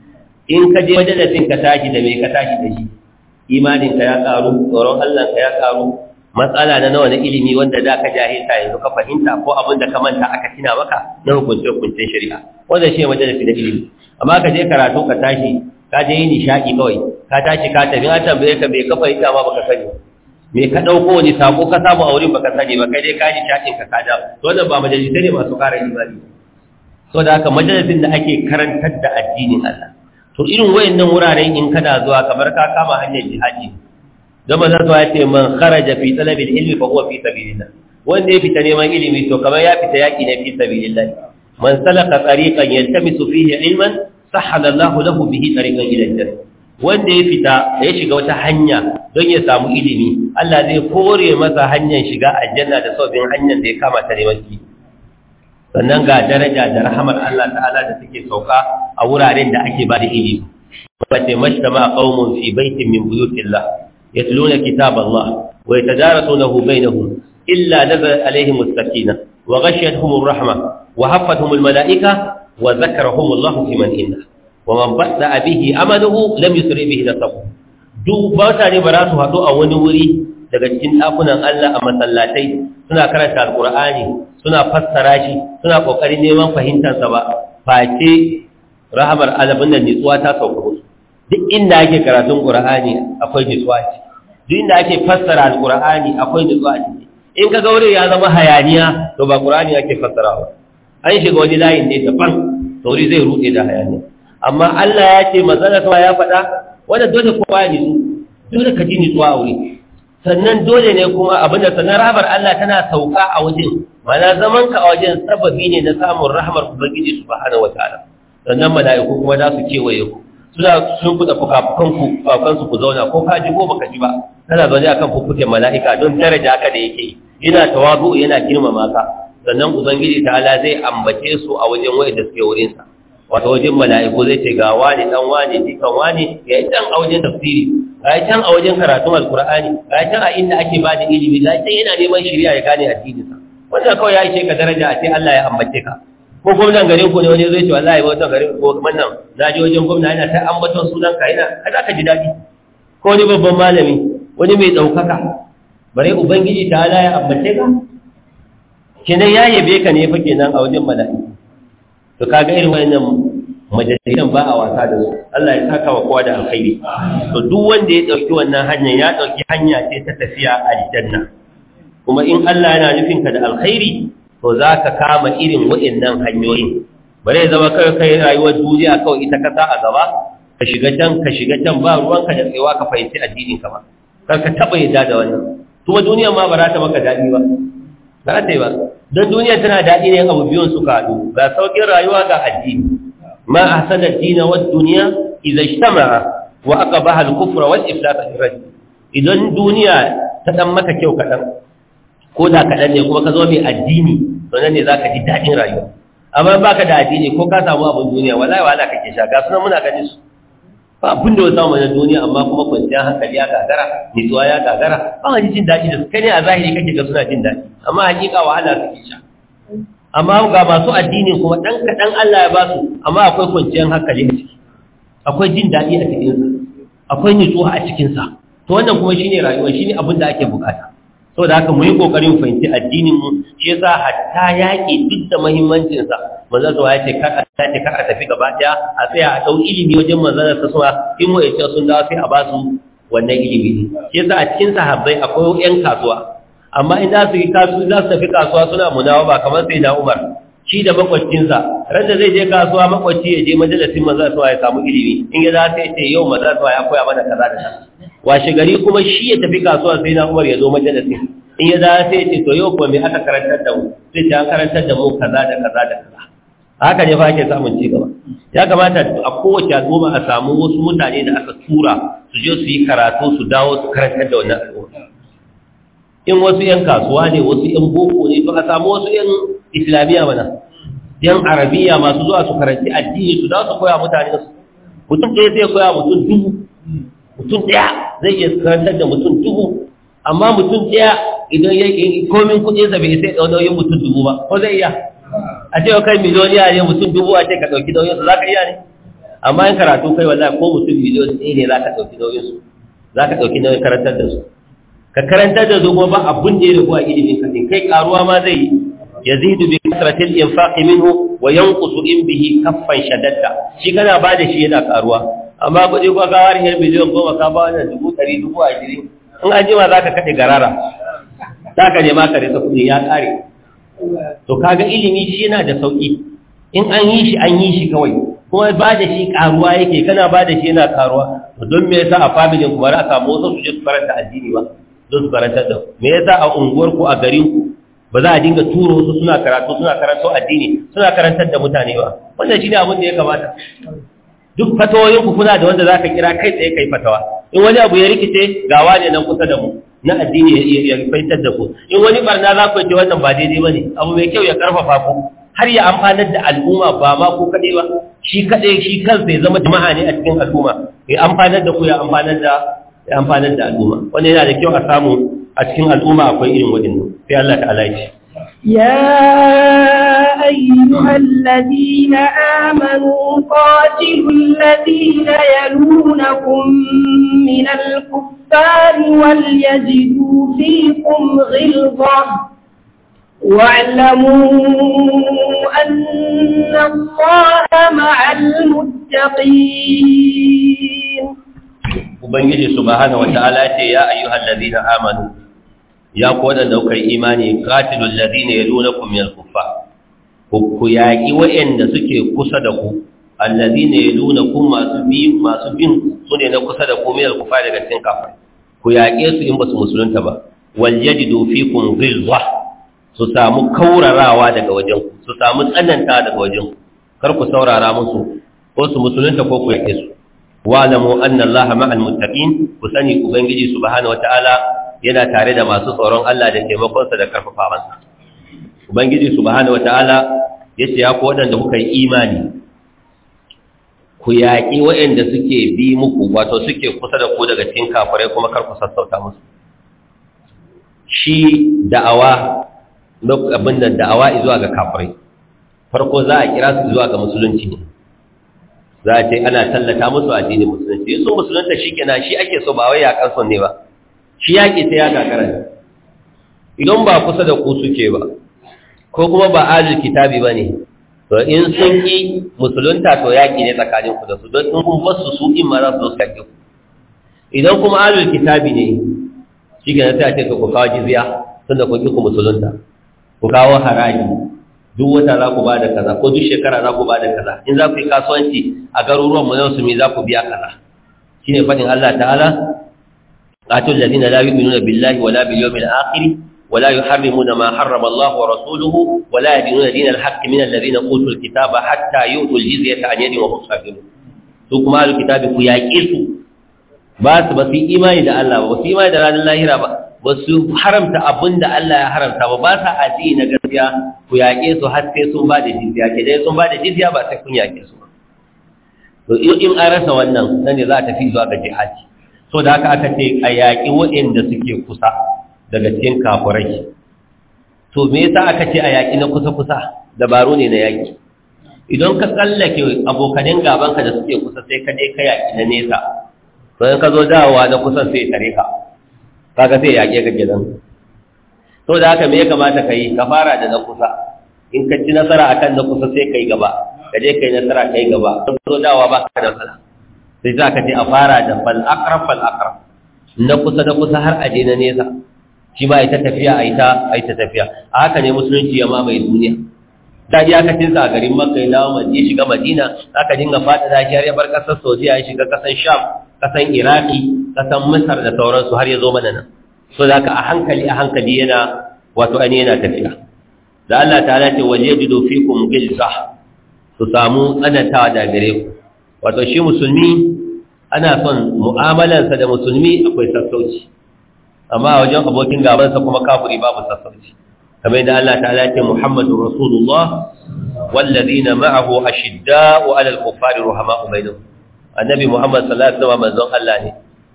in ka je majalisin ka tashi da me ka tashi da shi imaninka ya ƙaru tsoron Allah ka ya ƙaru matsala na nawa na ilimi wanda da ka jahilta yanzu ka fahimta ko abin da ka manta aka tina maka na hukunce hukunce shari'a wanda shi majalisi na ilimi amma ka je karatu ka tashi ka je yi nishaɗi kawai ka tashi ka tafi an tambaye ka bai ka fahimta ma baka sani me ka ɗauko wani sako ka samu a wurin baka sani ba kai dai ka nishaɗi ka ka da wannan ba majalisi ne masu ƙara imani so da haka majalisin da ake karantar da addinin Allah to irin wayannan wuraren in kana zuwa kamar ka kama hanyar jihadi dan manzo ya ce man kharaja fi talabil ilmi fa huwa fi sabilillah wanda ya fita neman ilimi to kamar ya fita yaki ne fi sabilillah man salaka tariqan yaltamisu fihi ilman sahala Allahu lahu bihi tariqan ila jannah wanda ya fita da ya shiga wata hanya don ya samu ilimi Allah zai kore masa hanyar shiga aljanna da sauƙin hanyar da ya kama ta neman sannan ga daraja da rahamar Allah ta'ala da take sauka a wuraren da ake ba da ilimi fa tamashta ma qaumun fi baitin min buyutillah yatluna kitab Allah wa yatadarasunahu bainahum illa nazal alaihim as-sakina wa ghashiyatuhum ar-rahma wa haffatuhum al-mala'ika wa dhakarahum Allah fi man inna wa man badda bihi amaluhu lam yusri bihi nasabu duk ba tare ba za su haɗu a wani wuri daga cikin ɗakunan Allah a masallatai suna karanta alƙur'ani suna fassara shi suna ƙoƙarin neman fahimtarsa ba face rahamar alabin da nitsuwa ta sauka duk inda ake karatun qur'ani akwai nutsuwa ce duk inda ake fassara alqur'ani akwai nutsuwa ce in ka gaure ya zama hayaniya to ba qur'ani ake ba. an shiga wani layin ne daban wuri zai ruɗe da hayaniya amma Allah ya ce manzon sa ya faɗa wanda dole kowa ya nutsu, dole ka ji nutsuwa a wuri sannan dole ne kuma abin da sannan rabar Allah tana sauka a wajen mana zaman ka a wajen sababi ne na samun rahmar ubangiji subhanahu wataala sannan mala'iku kuma za su kewaye ku suna shimfiɗa fukafukanku fukafukansu ku zauna ko kaji ko baka ji ba kana zaune akan fuffuken mala'ika don daraja haka da yake yana tawazu yana girmama ka sannan ubangiji Ala zai ambace su a wajen wayar da suke wurin sa wato wajen mala'iku zai ce ga wani dan wani dikan wani ya yi can a wajen tafsiri ga yi can a wajen karatun alkur'ani ga yi can a inda ake ba da ilimi ga yana neman shirya ya gane addininsa wanda kawai ya yi ce ka daraja a ce Allah ya ambace ka ko gwamnan garin ko ne wani zai ce wallahi wannan garin ko wannan na je wajen gwamna yana ta ambaton sunan ka yana Kada zaka ji dadi ko wani babban malami wani mai daukaka bare ubangiji ta ala ya ambace ka kenan ya yabe ka ne fa kenan a wajen mala'i to kaga irin wannan majalisan ba a wasa da su Allah ya saka wa kowa da alkhairi to duk wanda ya dauki wannan hanya ya dauki hanya ce ta tafiya aljanna kuma in Allah yana nufin ka da alkhairi to za ka kama irin nan hanyoyin ba zai zama kai kai rayuwar duniya kawai ita kasa a gaba ka shiga can ka shiga can ba ruwanka da tsewa ka fahimci addinin ka ba kar ka taɓa yadda da wannan kuma duniya ma ba za ta maka daɗi ba ba za ta yi ba don duniya tana daɗi ne abu biyun su haɗu ga sauƙin rayuwa ga addini ma a sanar dina wa duniya idan shtama wa aka ba halkufra wa iflata irrajin idan duniya ta ɗan maka kyau kaɗan ko da kaɗan ne kuma ka zo mai addini to nan ne za ka ji daɗin rayuwa amma ba ka da addini ko ka samu abin duniya wallahi wahala kake sha ga sunan muna ganin su ba abin da ya samu na duniya amma kuma kwanciyar hankali ya gagara nitsuwa ya gagara ba wani jin daɗi da su kai ne a zahiri kake ga suna jin daɗi amma hakika wahala suke sha amma ga masu addini kuma ɗan kaɗan Allah ya ba su amma akwai kwanciyar hankali a ciki akwai jin daɗi a cikinsa akwai nutsuwa a cikinsa to wannan kuma shine rayuwa shine abin da ake bukata da haka mu yi kokarin fahimci addinin mu shi yasa hatta yaki duk da muhimmancin sa manzo ce, kar a kar a tafi gaba daya a tsaya a dau ilimi wajen manzo sa suwa in mu yace sun dawo sai a ba su wannan ilimi shi yasa a cikin sahabbai akwai yan kasuwa amma in za su yi kasuwa za su tafi kasuwa suna ba kamar sai na Umar shi da ran da zai je kasuwa makwaci ya je majalisin manzan sa ya samu ilimi in ya za ta ce yau manzo sa ya koya mana kaza da kaza washe gari kuma shi ya tafi kasuwa sai na umar ya zo majalisin in ya zaya sai ya ce to yau kuma me aka karantar da mu sai ta karantar da mu kaza da kaza da kaza haka ne fa ake samun ci gaba ya kamata a kowace al'umma a samu wasu mutane da aka tura su je su yi karatu su dawo su karantar da wannan al'umma in wasu 'yan kasuwa ne wasu 'yan boko ne to a samu wasu 'yan islamiyya mana 'yan arabiya masu zuwa su karanci addini su za su koya mutane su mutum ɗaya zai koya mutum dubu mutum ɗaya zai iya karantar da mutum dubu amma mutum ɗaya idan ya yi komin kuɗin sa bai sai ɗau yin mutum dubu ba ko zai iya a ce kai miliyoniya ne mutum dubu a ce ka ɗauki nauyin su za ka iya ne amma in karatu kai wallahi ko mutum miliyon ɗaya ne za ka ɗauki nauyin su za ka ɗauki nauyin karantar da su ka karantar da su kuma ba abun da ya rabu a ilimin ka kai karuwa ma zai yi يزيد بكثرة wa منه وينقص bihi kafan shaddadda Shi kana ba da shi yana karuwa. amma kuɗi ko ka ware yar miliyan goma ka ba wannan dubu ɗari dubu jiri in an jima za ka kaɗe garara za ka nema ka rasa kuɗi ya ƙare to kaga ilimi shi yana da sauƙi in an yi shi an yi shi kawai kuma ba da shi ƙaruwa yake kana ba da shi yana ƙaruwa don me yasa a familin ku ba za a samu wasu su je su faranta addini ba don su faranta da me yasa a unguwar ku a garin ku ba za a dinga turo su suna karatu suna karanto addini suna karantar da mutane ba wannan ne abin da ya kamata duk fatawoyin ku kuna da wanda zaka kira kai tsaye kai fatawa in wani abu ya rikice ga wani nan kusa da mu na addini ya fitar da ku in wani barna za ku ce wannan ba daidai ba ne, abu mai kyau ya karfafa ku har ya amfanar da al'umma ba ma ku kaɗai ba shi kaɗai shi kansa ya zama jama'a ne a cikin al'umma ya amfanar da ku ya amfanar da ya amfanar da al'umma wannan yana da kyau a samu a cikin al'umma akwai irin waɗannan sai Allah ta'ala ya يا أيها الذين آمنوا قاتلوا الذين يلونكم من الكفار وليجدوا فيكم غلظة واعلموا أن الله مع المتقين وبنجي سبحانه وتعالى يا أيها الذين آمنوا ya ku waɗanda kuka imani qatilul ladina yalunakum min al-kuffar ku yaƙi waɗanda suke kusa da ku alladina ya masu ku masu bin su ne na kusa da ku min al daga cin kafa. ku yaƙe su in ba su musulunta ba wal dofi kun ghilza su samu kaurarawa daga wajen ku su samu tsananta daga wajen ku kar ku saurara musu ko su musulunta ko ku yaƙe su Wa anna allaha ma'al muttaqin ku sani ubangiji subhanahu wata'ala yana tare da masu tsoron Allah da taimakonsa da karfafa masa ubangiji subhanahu wa ta’ala ya ku waɗanda kuka yi imani ku yaƙi waɗanda suke bi muku wato suke kusa da ku daga cikin kafirai kuma kar ku sassauta musu shi da'awa abin da da'awa zuwa ga kafirai farko za a kira su zuwa ga musulunci ne za a ce ana tallata musu addinin musulunci sun musulunta shi kenan shi ake so ba wai yaƙar son ne ba shi yaƙi sai ya gagara ne idan ba kusa da ku suke ba ko kuma ba ajin kitabi ba ne to in sun ki musulunta to yaƙi ne tsakanin ku da su don in kun basu su in ma za su ke ku idan kuma ajin kitabi ne shi ke sai ce ku kawo jizya tun da kun ku musulunta ku kawo haraji duk wata za ku ba da kaza ko duk shekara za ku ba da kaza in za ku yi kasuwanci a garuruwan mu na musulmi za ku biya kaza shine faɗin Allah ta'ala qatil ladina la yu'minuna billahi wala bil yawmil akhir ولا يحرمون ما حرم الله ورسوله ولا يدينون دين الحق من الذين اوتوا الكتاب حتى يؤتوا الجزيه عن يد وهم صاغرون su kuma alkitabi ku yaƙe su ba su ba su imani da Allah ba su imani da ranar lahira ba ba su haramta abin da Allah ya haramta ba ba sa addini na gaskiya ku yaƙe su har sai sun ba da jizya sun ba yaƙe su ba to in an rasa wannan na ne za ta fi zuwa ga so da haka aka ce a yaƙi waɗanda suke kusa daga cikin kafurai to me yasa aka ce a yaƙi na kusa-kusa dabaru ne na yaƙi idan ka tsallake abokanin gabanka da suke kusa sai ka je ka yaƙi na nesa to in ka zo dawowa na kusan sai tare ka kaga sai yaƙe ka gidan to da haka me ya kamata ka yi ka fara da na kusa in ka ci nasara akan na kusa sai ka yi gaba ka je ka yi nasara ka yi gaba ka zo dawowa ba ka da nasara sai za ka je a fara da bal aqrab na kusa da kusa har aje na nesa shi ma ta tafiya a yi ta tafiya a haka ne musulunci ya mamaye duniya da iyakacin sa a garin makka ya dawo madina shiga madina aka dinga fada da shi har ya bar kasar saudiya ya shiga kasar sham kasan iraki kasan misar da sauransu har ya zo mana nan so da a hankali a hankali yana wato an yana tafiya da Allah ta ce waje jido fikum gilza su samu tsanantawa da gare ku wato shi musulmi ana son mu'amalansa da musulmi akwai sassauci amma a wajen abokin gabansa kuma kafuri babu sassauci kamar yadda Allah ta'ala ya ce Muhammadur Rasulullah wallazina ma'ahu wa 'alal kuffari rahama'u bainahum annabi Muhammad sallallahu alaihi wasallam Allah ne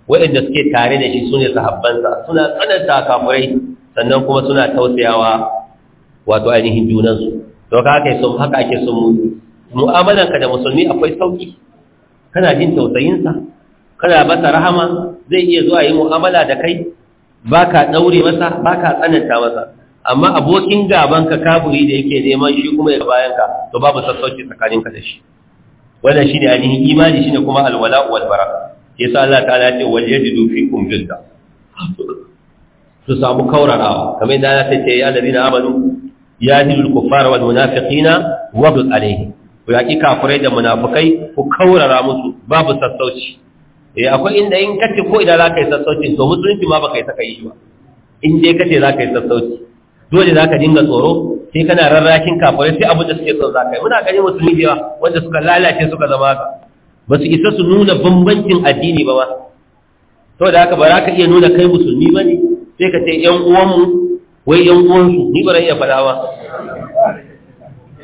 wa'anda suke tare da shi sune sahabbansa suna tsananta kafurai. sannan kuma suna tausayawa wato ainihin junansu to haka ake son haka ake son mu'amalanka da musulmi akwai sauki kana jin tausayinsa kana masa rahama zai iya zuwa yi mu'amala da kai Ba ka ɗaure masa ba ka tsananta masa amma abokin gaban ka da yake neman shi kuma ya bayan ka to babu sassauci tsakanin ka da shi wannan shine ainihin imani shine kuma alwala wal bara yasa Allah ta'ala ya ce wal yajidu fikum jidda su samu kaurarawa kamar yadda Allah ta ce ya alladhina amanu yajidul kuffara wal munafiqina wa bil alaihim ku yaki kafirai da munafukai ku kaurara musu babu sassauci eh akwai inda in kace ko idan zaka yi sassauci to musulunci ma baka yi saka yi ba in dai kace zaka yi sassauci dole zaka dinga tsoro sai kana rarrakin kafirai sai abin da suke son zaka yi muna gani musulmi da yawa wanda suka lalace suka zama haka ba su isa su nuna bambancin addini ba ba to da haka ba za ka iya nuna kai musulmi ba ne sai ka ce yan uwanmu wai yan uwansu ni ba ran iya faɗa ba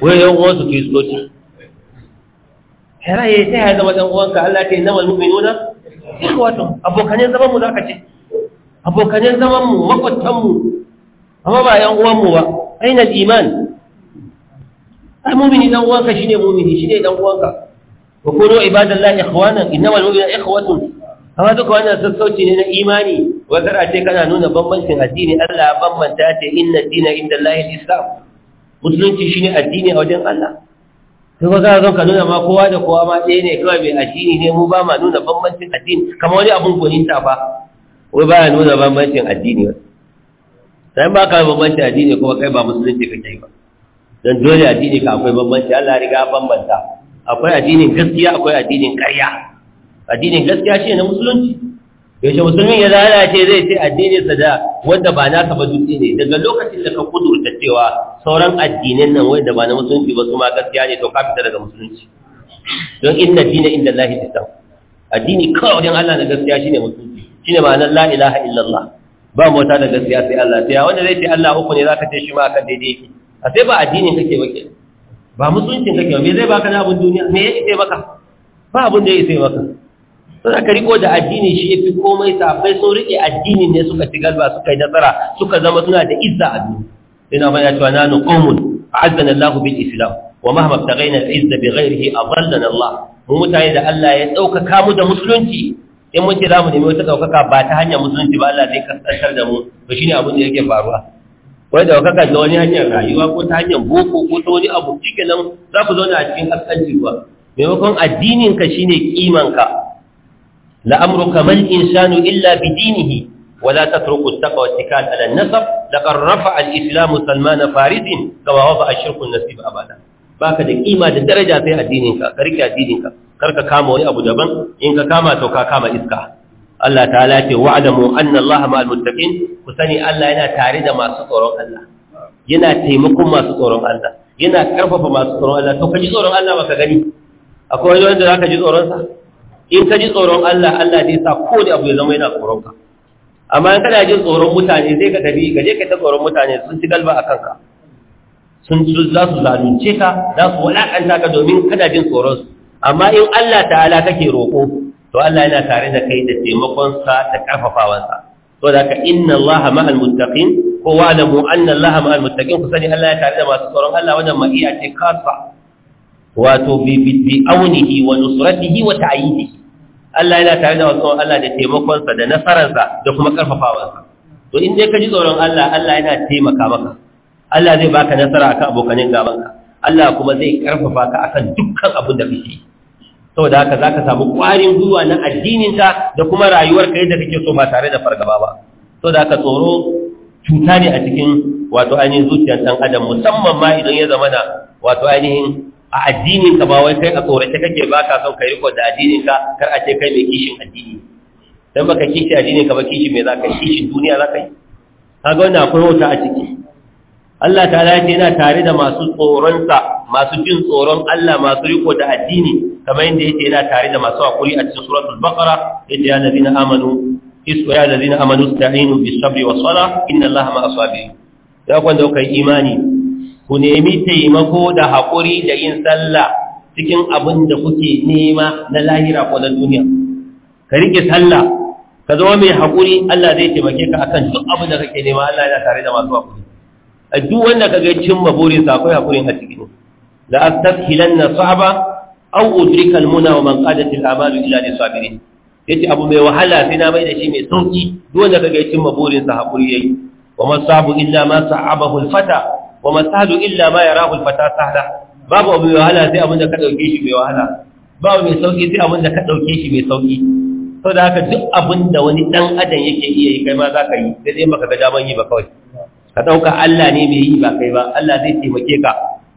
wai yan uwansu kiristoci ya raye ta ya zama ɗan uwanka Allah ta yi na wal mu'minuna ikhwatun abokanen zaman mu zaka ce abokanen zaman mu makwatan mu amma ba yan uwan mu ba aina iman ai mu'mini dan uwanka shine mu'mini shine dan uwanka wa kunu ibadallahi ikhwana innamal mu'minuna ikhwatun amma duka wannan sassauci ne na imani wazar a ce kana nuna bambancin addini Allah bambanta ta inna dina inda Allah islam musulunci shine addini a wajen Allah duk ba za ka nuna ma kowa da kowa ma ɗaya ne kawai mai addini ne mu ba ma nuna bambancin addini kamar wani abun gwaninta ba wai ba ya nuna bambancin addini ba sai ba ka bambancin addini kuma kai ba musulunci kai ba don dole addini ka akwai bambanci Allah riga bambanta akwai addinin gaskiya akwai addinin ƙarya addinin gaskiya shi ne na musulunci yaushe musulmin ya lalace zai ce sa da wanda ba nasa ba dutse ne daga lokacin da ka kudurta cewa sauran addinan nan wanda ba na musulunci ba su ma gaskiya ne to ka fita daga musulunci don inna dina inda Allah islam addini kawai wajen Allah na gaskiya shine musulunci shine ma'anar la ilaha illallah ba mota da gaskiya sai Allah sai wanda zai ce Allah uku ne zaka ce shi ma akan daidai yake a sai ba addinin kake ba ba musulunci kake ba me zai baka na abin duniya me yake maka ba abun da yake maka sai ka riko da addini shi yafi komai safai sun rike addini ne suka ci galba suka yi nasara suka zama suna da izza a duniya ina bana cewa nanu qaumun a'azzana Allah bil islam wa mahma taghayna al-izza a adallana Allah Mun mutane da Allah ya daukaka mu da musulunci in mun ce zamu nemi wata ɗaukaka ba ta hanyar musulunci ba Allah zai kasantar da mu to shine abin da yake faruwa wai daukaka da wani hanyar rayuwa ko ta hanyar boko ko ta wani abu nan za ku zauna a cikin kaskanci ba maimakon addinin ka shine kiman ka لأمرك ما الإنسان إلا بدينه ولا تترك التقوى اتكال على النسب لقد رفع الإسلام سلمان فارس كما وضع الشرك النسيب أبدا baka da kima da daraja sai addininka karki addininka karka kama wani abu daban in ka kama to ka kama iska Allah ta'ala ce wa'lamu anna Allah ma'al muttaqin ku sani Allah yana tare da masu tsoron Allah yana taimakon masu tsoron Allah yana karfafa masu tsoron Allah to ka ji tsoron Allah baka gani akwai wanda zaka ji tsoron sa in ka ji tsoron Allah Allah zai sa ko da abu ya zama yana tsoron ka amma in kana jin tsoron mutane zai ka tafi gaje ka ta tsoron mutane sun ci galba a kanka sun za su zalunce ka za su walakanta ka domin kana jin tsoron su amma in Allah ta'ala kake roƙo to Allah yana tare da kai da taimakon sa da karfafawan sa to da ka inna Allah ma'al muttaqin ko wa da anna Allah ma'al muttaqin ku sani Allah ya tare da masu tsoron Allah wajen ma'iya kasa wato bi aunihi wa nusratihi wa ta'yidihi Allah yana tare da wasu Allah da taimakonsa da nasararsa da kuma sa to in dai ka ji tsoron Allah Allah yana taimaka maka Allah zai baka nasara akan abokanin gabanka Allah kuma zai karfafa ka akan dukkan abin da kake saboda haka zaka samu kwarin gwiwa na addinin ka da kuma rayuwar ka yadda kake so ba tare da fargaba ba saboda haka tsoro cuta ne a cikin wato ainihin zuciyar ɗan adam musamman ma idan ya zama na wato ainihin a addinin ka ba wai kai a tsorace kake ba ka son kai riko da addinin ka kar a ce kai mai kishin addini dan baka kishi addininka ka ba kishi me zaka kishi duniya zaka yi kaga wannan akwai wata a ciki Allah ta'ala ya ce yana tare da masu tsoron sa masu jin tsoron Allah masu riko da addini kamar yadda yake yana tare da masu hakuri a cikin suratul baqara yadda ya ladina amanu isu ya ladina amanu ista'inu bis sabri was sala inna Allaha ma'as sabirin ya kwanda kai imani ku nemi taimako da haƙuri da yin sallah cikin abin da kuke nema na lahira ko na duniya ka riƙe sallah ka zama mai haƙuri Allah zai taimake ka akan duk abin da kake nema Allah yana tare da masu haƙuri a duk wanda ka ga cimma burin sa akwai haƙurin a cikin la na sahaba aw udrika almuna wa man qadat al'amalu illa lisabirin yace abu mai wahala sai na mai da shi mai sauki duk wanda ka ga cimma burin sa haƙuri yayi wa masabu illa ma sa'abahu alfata wa masalu illa ma yarahu al-fata sahla babu abu wahala sai abin da ka dauke shi mai wahala babu mai sauki sai abin da ka dauke shi mai sauki sau da haka duk abin da wani dan adam yake iya yi kai ma za ka yi sai dai baka ga daman yi ba kawai ka dauka Allah ne mai yi ba kai ba Allah zai taimake ka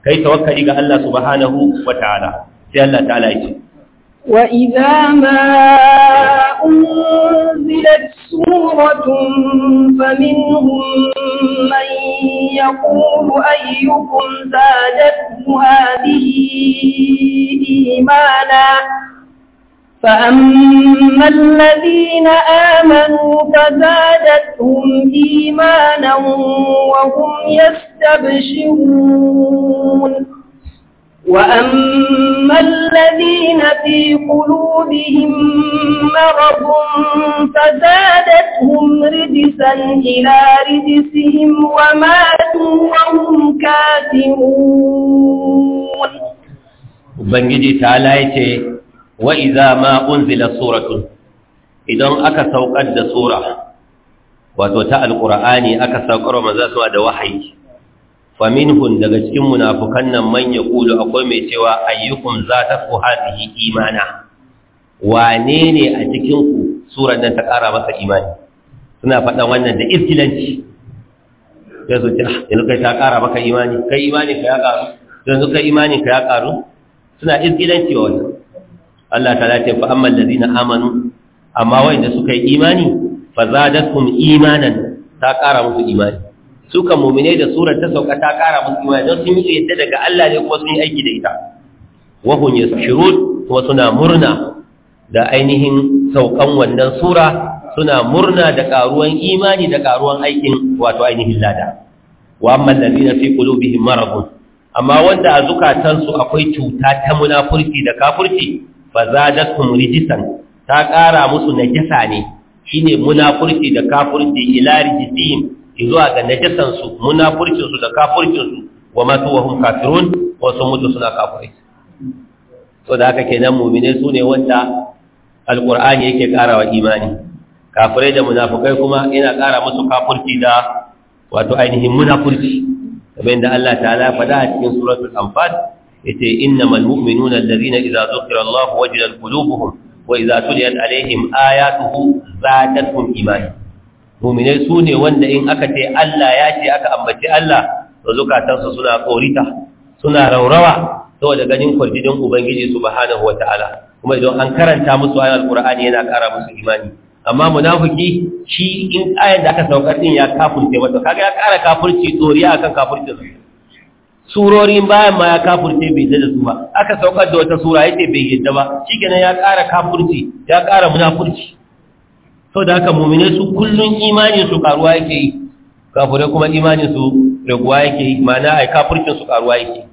kai tawakkali ga Allah subhanahu wa ta'ala sai Allah ta'ala yake wa idza ma أنزلت سورة فمنهم من يقول أيكم زادته هذه إيمانا فأما الذين آمنوا فزادتهم إيمانا وهم يستبشرون وأما الذين في قلوبهم مرض فزادتهم رجسا إلى رجسهم وماتوا وهم كافرون Ubangiji ta laice wa iza ma unzila suratun idan aka saukar da sura wato ta Alƙur'ani, aka saukar suwa da wahayi faminhun daga cikin munafukan nan man ya kulu akwai mai cewa ayyukum za ta ku hadihi imana wane ne a cikinku surar nan ta ƙara masa imani suna faɗan wannan da iskilanci sai su ce ah, yanzu kai ta ƙara maka imani kai imani ka ya ƙaru yanzu kai imani ka ya ƙaru suna iskilanci wa wannan Allah ta lati fa amman ladina amanu amma wanda suka yi imani fa zadatkum imanan ta ƙara musu imani suka kan da surar ta sauka ta kara musu imani don sun yi yadda daga Allah ne kuma sun yi aiki da ita wa hum yashrun kuma suna murna da ainihin saukan wannan sura suna murna da karuwan imani da karuwan aikin wato ainihin lada wa amma alladhina fi qulubihim maradun amma wanda a zukatansu akwai cuta ta munafurci da kafurci fa zadatkum rijisan ta kara musu najasa ne shine munafurci da kafurci ila rijisihim zuwa ga najasansu munafurcinsu da kafurcinsu wa matu wa hum kafirun wasu mutu suna kafirai so da haka kenan mumine su ne wanda alkur'ani yake kara wa imani kafurai da munafukai kuma yana ƙara musu kafurci da wato ainihin munafurci kamar yadda Allah ta'ala faɗa a cikin suratul anfal yace innamal mu'minuna alladhina idza dhukira Allah wajilat qulubuhum wa idza tuliyat alaihim ayatuhu zadatuhum imana mu'minai su ne wanda in aka ce Allah ya ce aka ambaci Allah to zukatansu suna korita suna raurawa da ganin kwarjidin ubangiji subhanahu wataala kuma idan an karanta musu ayan alqur'ani yana ƙara musu imani amma munafiki shi in ayan da aka saukar din ya kafurce mata. kaga ya ƙara kafurci tsoriya akan kafurcin su surorin bayan ma ya kafurce bai yadda da su ba aka saukar da wata sura yace bai yadda ba shikenan ya ƙara kafurci ya ƙara munafurci sau da haka mummune su kullum imanin su karuwa yake yi kafure kuma imanin su raguwa yake yi ma'ana ai kafircin su karuwa yake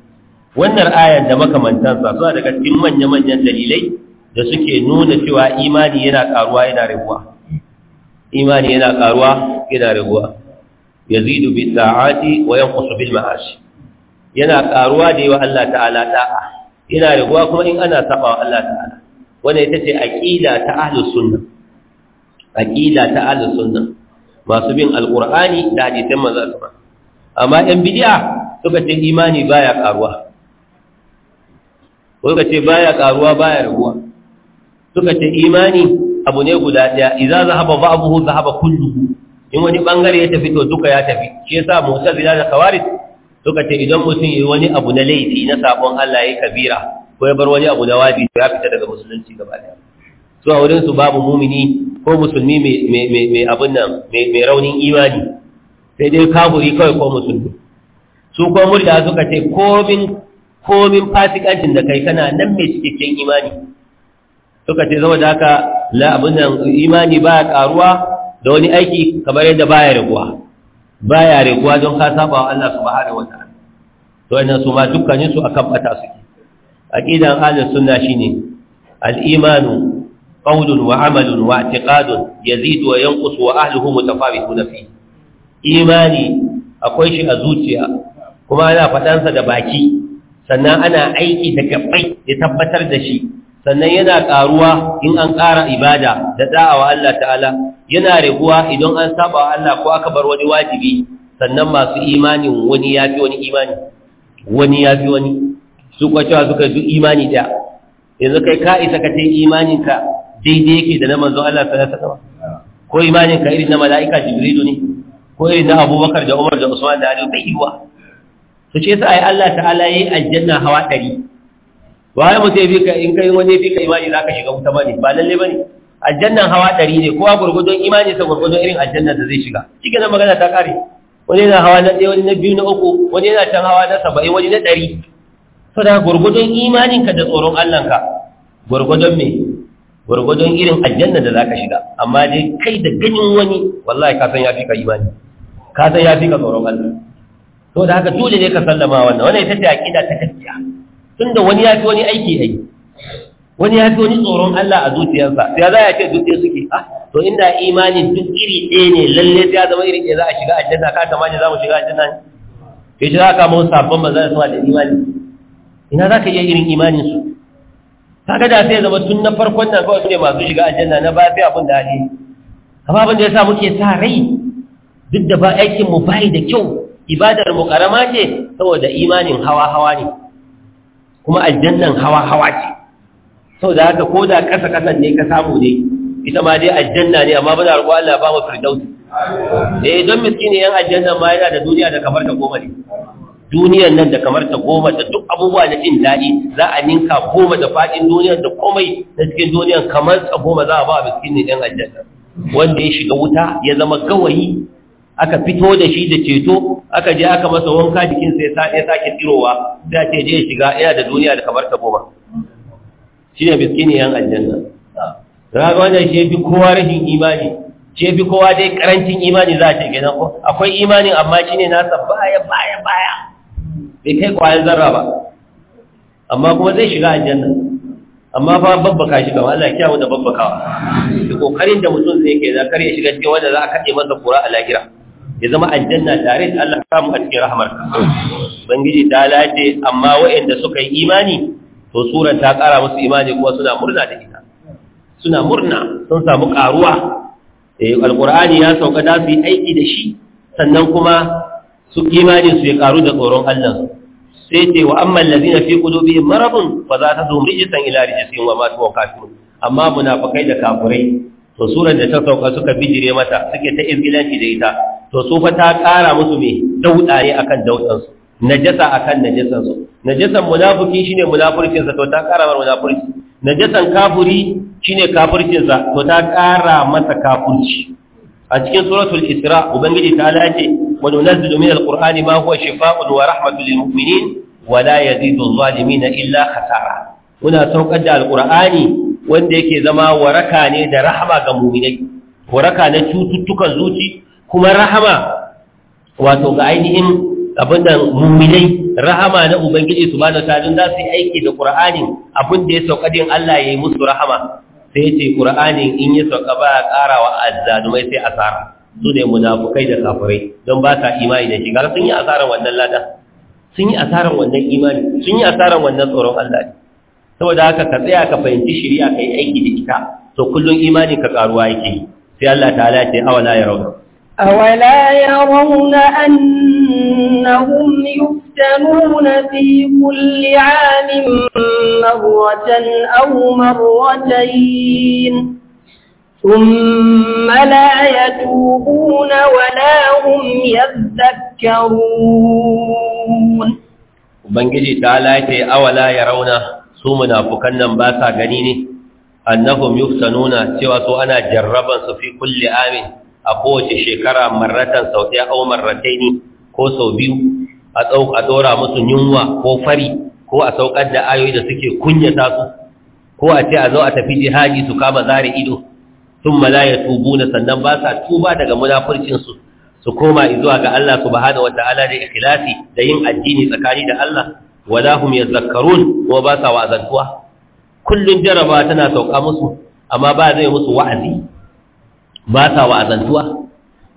wannan ayar da makamantansa suna daga cikin manya-manyan dalilai da suke nuna cewa imani yana karuwa yana raguwa imani yana karuwa yana raguwa yazidu bi sa'ati wa yanqusu bil ma'ash yana karuwa da yawa Allah ta'ala da'a yana raguwa kuma in ana saba wa Allah ta'ala wannan ita ce aqida ta ahlus sunnah aqida ta ahlus sunna masu bin alqur'ani da hadisan manzo Allah amma yan bid'a suka ce imani baya ƙaruwa, suka ce baya karuwa baya raguwa suka ce imani abu ne guda daya idza zahaba ba'dahu zahaba kulluhu in wani bangare ya tafi to duka ya tafi shi yasa mu'tazila da khawarij suka ce idan mutum yi wani abu na laifi na sabon Allah ya kabira ko ya bar wani abu na wajibi ya fita daga musulunci gaba daya zuwa wurin su babu mumini ko musulmi mai abin nan mai raunin imani sai dai kafuri kawai ko musulmi su ko murda suka ce komin komin fasikancin da kai kana nan mai cikakken imani suka ce zama da haka la abin nan imani baya karuwa da wani aiki kamar yadda baya raguwa baya raguwa don ka saba wa Allah subhanahu wataala to wannan su ma dukkanin su akan bata suke aqidan ahlus sunna shine al-imanu قول وعمل واعتقاد يزيد وينقص وأهله متفاوتون فيه إيماني akwai shi a zuciya kuma ana faɗansa da baki sannan ana aiki da gabbai ya tabbatar da shi sannan yana ƙaruwa in an ƙara ibada da da'awa Allah ta'ala yana raguwa idan an saba wa Allah ko aka bar wani wajibi sannan masu imani wani ya fi wani imani wani ya fi wani su kwacewa suka yi imani da yanzu kai ka isa ka ta imaninka daidai yake da na manzo Allah sallallahu alaihi wasallam ko imanin ka irin na mala'ika jibrilu ne ko irin na abubakar da umar da usman da ali da yiwa to ce sai Allah ta'ala yayi aljanna hawa dari waye mutai bi ka in kai wani bi ka imani zaka shiga wuta bane ba lalle bane aljanna hawa dari ne kowa gurgudun imani sa gurgudun irin aljanna da zai shiga cikin magana ta kare wani yana hawa na ɗaya wani na biyu na uku wani yana can hawa na saba'in wani na ɗari so da gwargwadon imaninka da tsoron allahnka gwargwadon me gwargwadon irin aljanna da zaka shiga amma dai kai da ganin wani wallahi ka san ya fi ka imani ka san ya fi ka tsoron Allah to da haka dole ne ka sallama wannan wannan ita ce aqida ta gaskiya tunda wani ya fi wani aiki ai wani ya fi wani tsoron Allah a zuciyarsa sai ya za ya ce duk suke ah to inda imani duk iri ɗaya ne lalle sai ya zama iri ɗaya za a shiga aljanna ka ta ne za mu shiga aljanna ne ke shi za ka mu sabon manzon Allah da imani ina za ka iya irin imanin su kaga da sai zama tun na farkon nan kawai ne masu shiga aljanna na bafi abin da ake amma abin da ya sa muke sa rai duk da ba aikin mu bai da kyau ibadar mu karama ce saboda imanin hawa hawa ne kuma aljannan hawa hawa ce saboda haka ko da kasa kasan ne ka samu ne ita ma dai aljanna ne amma bana roƙo Allah ba mu firdausi eh don miskini yan aljanna ma yana da duniya da kamar ta goma ne duniyar nan da kamar ta goma da duk abubuwa da jin daɗi za a ninka goma da faɗin duniyar da komai na cikin duniyar kamar ta goma za a ba a miskin ne ɗan aljanna wanda ya shiga wuta ya zama gawayi aka fito da shi da ceto aka je aka masa wanka jikin sai sa ya sake tsirowa da ce je shiga yana da duniya da kamar ta goma shi ne miskin yan aljanna za ne wannan shi fi kowa rashin imani ce fi kowa dai karancin imani za a ce gina oh, akwai imanin amma shi ne nasa baya baya baya bai kai kwayan zarra ba amma kuma zai shiga aljanna amma fa babbaka shi kamar Allah ya da babbakawa shi kokarin da mutum sai yake zakar ya shiga cikin wanda za a kade masa kura a lahira ya zama aljanna tare da Allah samu a cikin rahmarka bangiji ta lace amma waɗanda suka yi imani to suran ta ƙara musu imani kuma suna murna da ita suna murna sun samu ƙaruwa eh, alƙur'ani ya sauka da su yi aiki da shi sannan kuma su imani su ya ƙaru da tsoron Allah sai ce wa amma na fi qulubihim marabin Ba za ta zum rijsan ila rijsin wa masu wa kafin amma munafikai da kafirai to surar da ta sauka suka bijire mata suke ta izgilanci da ita to su fa ta ƙara musu mai dauda ne akan daudan su najasa akan najasan su najasan munafuki shine munafurcinsa to ta ƙara mar Na najasan kafuri shine kafurcinsa to ta ƙara masa kafurci. a cikin suratul isra ubangiji ta ce وننزل من القرآن ما هو شفاء ورحمة للمؤمنين ولا يزيد الظالمين إلا خسارة هنا سوق أدى القرآن wanda yake zama waraka ne da rahama ga muminai waraka na cututtukan zuci kuma rahama wato ga ainihin abinda muminai rahama na ubangiji subhanahu wataala za su yi aiki da ƙur'ani, abin da ya sauka Allah ya yi musu rahama sai ya ce in ya sauka ba ƙarawa ƙara wa azzalumai sai asara su ne munafukai da kafirai don ba ka imani da shi gara sun yi asaran wannan lada sun yi asaran wannan imani sun yi asaran wannan tsoron Allah ne saboda haka ka tsaya ka fahimci shari'a kai aiki da ita to kullun imani ka karuwa yake yi sai Allah ta'ala ce awala yarawna awala yarawna annahum yuftanuna fi kulli 'amin marratan aw marratayn ثم لا يتوبون ولا هم يذكرون Ubangiji ta lafe awala ya rauna su munafukan nan ba sa gani ne, annahum nuna, cewa su ana jarraban su fi kulli amin a kowace shekara marratan sau ɗaya au marrataini ko sau biyu a tsora musu yunwa ko fari ko a saukar da ayoyi da suke kunyata su ko a ce a zo a tafi jihadi su kama zare ido thumma la yatubuna sannan ba sa tuba daga munafurcinsu su koma zuwa ga Allah su subhanahu ala da ikhlasi da yin addini tsakani da Allah wala hum yazakkarun wa ba sa wa'azantuwa kullun jaraba tana sauka musu amma ba zai musu wa'azi ba sa wa'azantuwa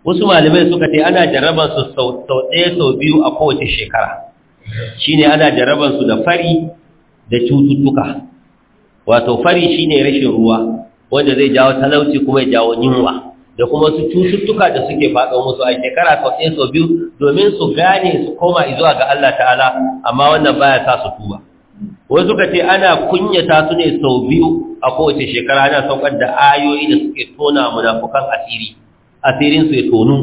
wasu malamai suka ce ana jaraban su sau ɗaya sau biyu a kowace shekara shine ana jaraban su da fari da cututtuka wato fari shine rashin ruwa wanda zai jawo talauci kuma ya jawo yunwa da kuma su cututtuka da suke faɗo musu a shekara sau ɗaya sau biyu domin su gane su koma zuwa ga Allah ta'ala amma wannan baya sa su tuba wai suka ce ana kunyata su ne sau biyu a kowace shekara ana saukar da ayoyi da suke tona munafukan asiri asirin su ya tonu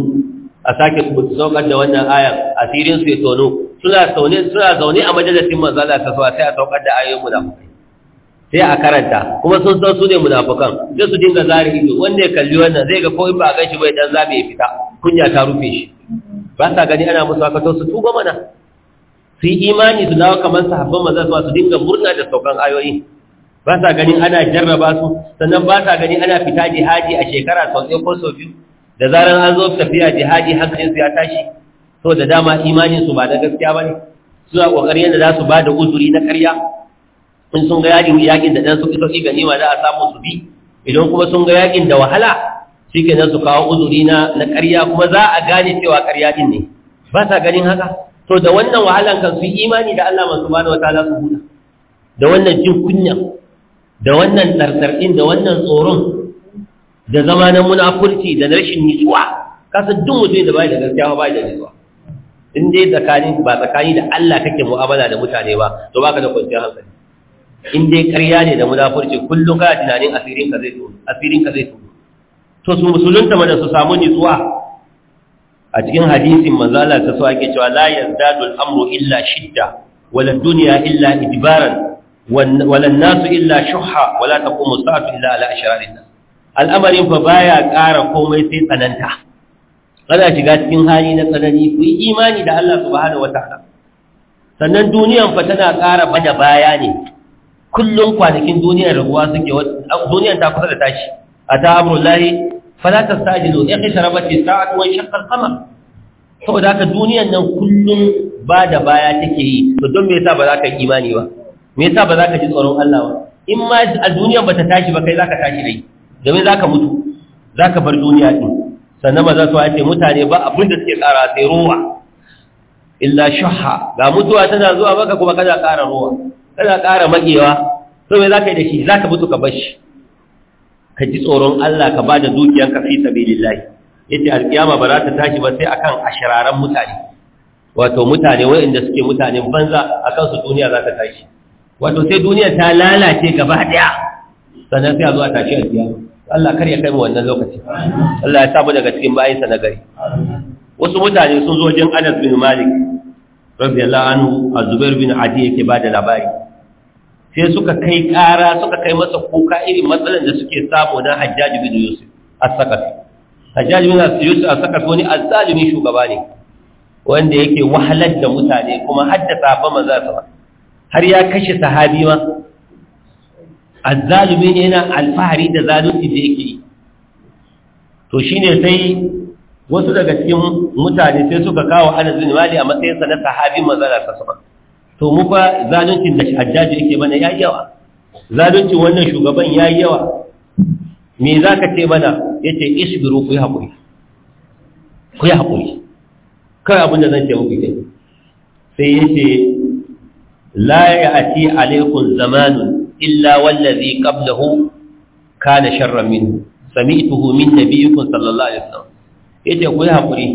a sake saukar da wannan ayan asirin su ya tonu suna zaune a majalisin manzala ta sai a saukar da ayoyin munafukai sai a karanta kuma sun san su ne munafukan sai su dinga zari ido wanda ya kalli wannan zai ga ko in ba a gashi bai dan zabe ya fita kunya ta rufe shi ba sa gani ana musu haka su tuba mana su yi imani su dawo kamar sahabban maza su su dinga murna da saukan ayoyi ba sa gani ana jarraba su sannan ba sa gani ana fita jihadi a shekara sau ɗaya ko sau biyu da zarar an zo tafiya jihadi hankalin su ya tashi saboda dama imanin su ba da gaskiya ba ne. suna kokarin yadda za su ba da uzuri na karya. in sun ga yakin yakin da dan sauki sauki ganima za a samu su bi idan kuma sun ga yakin da wahala shikenan su kawo uzuri na na ƙarya kuma za a gane cewa ƙarya din ne ba sa ganin haka to da wannan wahalan kan su yi imani da Allah man subhanahu wataala su huda da wannan jin kunya da wannan tsartsar da wannan tsoron da zama na munafurci da rashin nutsuwa kasa duk mutum da bai da gaskiya ba da nutsuwa in dai tsakanin ba tsakani da Allah kake mu'amala da mutane ba to baka da kwanciyar hankali in dai ƙarya ne da munafurci kullum kana tunanin asirinka zai tsoro asirin zai tsoro to su musulunta mana su samu nutsuwa a cikin hadisin manzo ta so ake cewa la yazdadu al-amru illa shidda wala dunya illa idbaran wala nasu illa shuhha wala taqumu sa'atu illa ala ashrarin nas al'amarin fa baya ƙara komai sai tsananta kada shiga cikin hali na tsanani ku yi imani da Allah subhanahu wataala sannan duniyan fa tana ƙara bada baya ne kullum kwanakin duniya raguwa suke duniyar ta kusa da tashi a ta amrullahi fala tastajilu ya qisara bati sa'atu wa shaqqa shakar qamar saboda haka duniyan nan kullum ba da baya take yi to don me yasa ba za ka imani ba me yasa ba za ka ji tsoron Allah ba in ma a duniyar ba ta tashi ba kai za ka tashi dai domin za ka mutu za ka bar duniya din sannan ba za su wace mutane ba abin da suke tsara sai ruwa illa shuha ga mutuwa tana zuwa maka kuma kana ƙara ruwa kana ƙara magewa so me za ka yi da shi za ka mutu ka bar shi ka ji tsoron Allah ka ba da dukiyanka fi sabilillahi yace alkiyama ba za ta tashi ba sai akan ashiraren mutane wato mutane waɗanda suke mutane banza akan su duniya za ta tashi wato sai duniya ta lalace gaba daya sannan sai a zuwa tashi alkiyama Allah kar ya kai mu wannan lokaci Allah ya mu daga cikin bayin sa na gari wasu mutane sun zo jin Anas bin Malik radiyallahu anhu Zubair bin Adi yake bada labari sai suka kai kara suka kai masa kuka irin matsalan da suke samu na hajjaji bin yusuf a sakafi hajjaji bin yusuf a sakafi wani azzalimi shugaba ne wanda yake wahalar da mutane kuma haddasa ba maza sama har ya kashe sahabi ma azzalimi ne yana alfahari da zalunci da yake yi to shine sai wasu daga cikin mutane sai suka kawo Anas bin a matsayinsa na sahabi manzon sama. to mu fa zaluncin da hajjaji yake mana yayi yawa zaluncin wannan shugaban yayi yawa me zaka ce mana yace isbiru ku yi hakuri ku yi hakuri kai abin da zan ce muku kai sai yace la ya'ti alaykum zamanun illa wallazi qablahu kana sharran minhu sami'tuhu min nabiyyikum sallallahu alaihi wasallam yace ku yi hakuri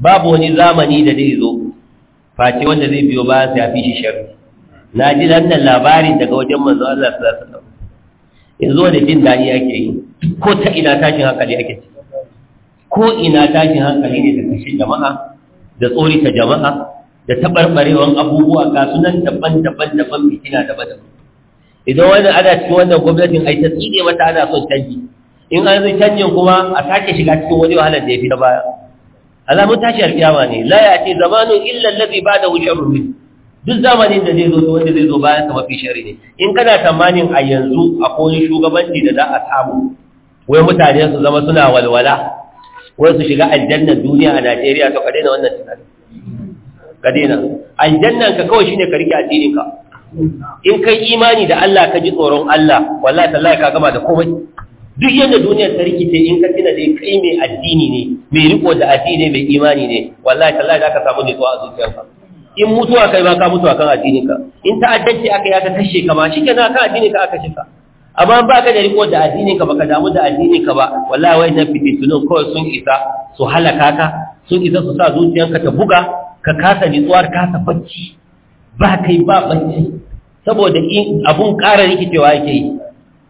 babu wani zamani da zai zo face wanda zai biyo ba sai a fi shi sharri na ji wannan labarin daga wajen manzo Allah sallallahu alaihi wasallam yanzu wani jin daɗi ake yi ko ta ina tashin hankali ake ci ko ina tashin hankali ne da kashin jama'a da tsori ta jama'a da taɓarɓarewan abubuwa ga sunan daban-daban daban fitina da bada idan wani ana cikin wannan gwamnatin ai ta tsige mata ana son canji in an zai canjin kuma a sake shiga cikin wani wahalar da ya fi na baya alamun tashiyar kiyama ne la ya ce zamanu illa allazi bada wuce min duk zamanin da zai zo to wanda zai zo bayan sa mafi shari ne in kana tamanin a yanzu akwai shugabanci da za a samu wai mutane su zama suna walwala wai su shiga aljannar duniya a Najeriya to ka daina wannan tunani ka daina aljannan ka kawai shine ka rike addinin ka in kai imani da Allah ka ji tsoron Allah wallahi tallahi ka gama da komai duk yadda duniyar ta rikice in ka tina dai kai mai addini ne mai riko da addini mai imani ne wallahi tallahi za ka samu ne a zuciyarka in mutuwa kai ma ka mutu akan addinin ka in ta'addanci aka ya ka kashe ka ma shikenan akan addinin ka aka shika amma ba ka da riko da addinin ka baka damu da addinin ka ba wallahi wayannan fitinun kawai sun isa su halaka ka sun isa su sa zuciyarka ta buga ka kasa nitsuwar kasa bacci ba kai ba bacci saboda abun ƙara rikicewa yake yi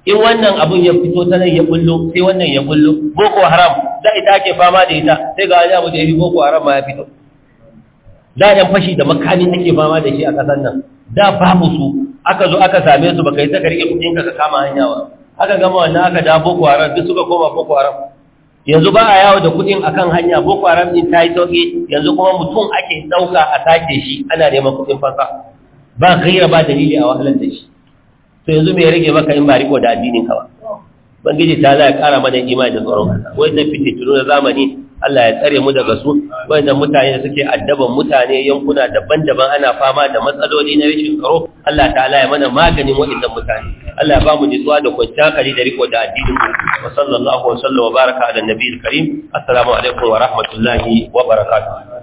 in wannan abun ya fito ta nan ya bullo sai wannan ya bullo boko haram da ita ake fama da ita sai ga ajabu da ya fi boko haram ma ya fito da yan fashi da makami ake fama da shi a kasan nan da babu su aka zo aka same su baka yi ta karɓi kuɗin ka kama hanya ba aka gama wannan aka da boko haram duk suka koma boko haram yanzu ba a yawo da kuɗin akan hanya boko haram din ta yi sauƙi yanzu kuma mutum ake ɗauka a sake shi ana neman kuɗin fasa ba gaira ba dalili a wahalar da shi to yanzu me ya rage maka in ba riko da addinin ka ba bangiji ta za ya kara mana imani da tsoron ka wannan fitintunu na zamani Allah ya tsare mu daga su wannan mutane da suke addaban mutane yankuna daban-daban ana fama da matsaloli na rashin tsaro Allah ta'ala ya mana maganin waɗannan mutane Allah ya ba mu jituwa da kwanciyar kali da riko da addinin wa sallallahu wa sallama baraka ala nabiyil karim assalamu alaikum wa rahmatullahi wa barakatuh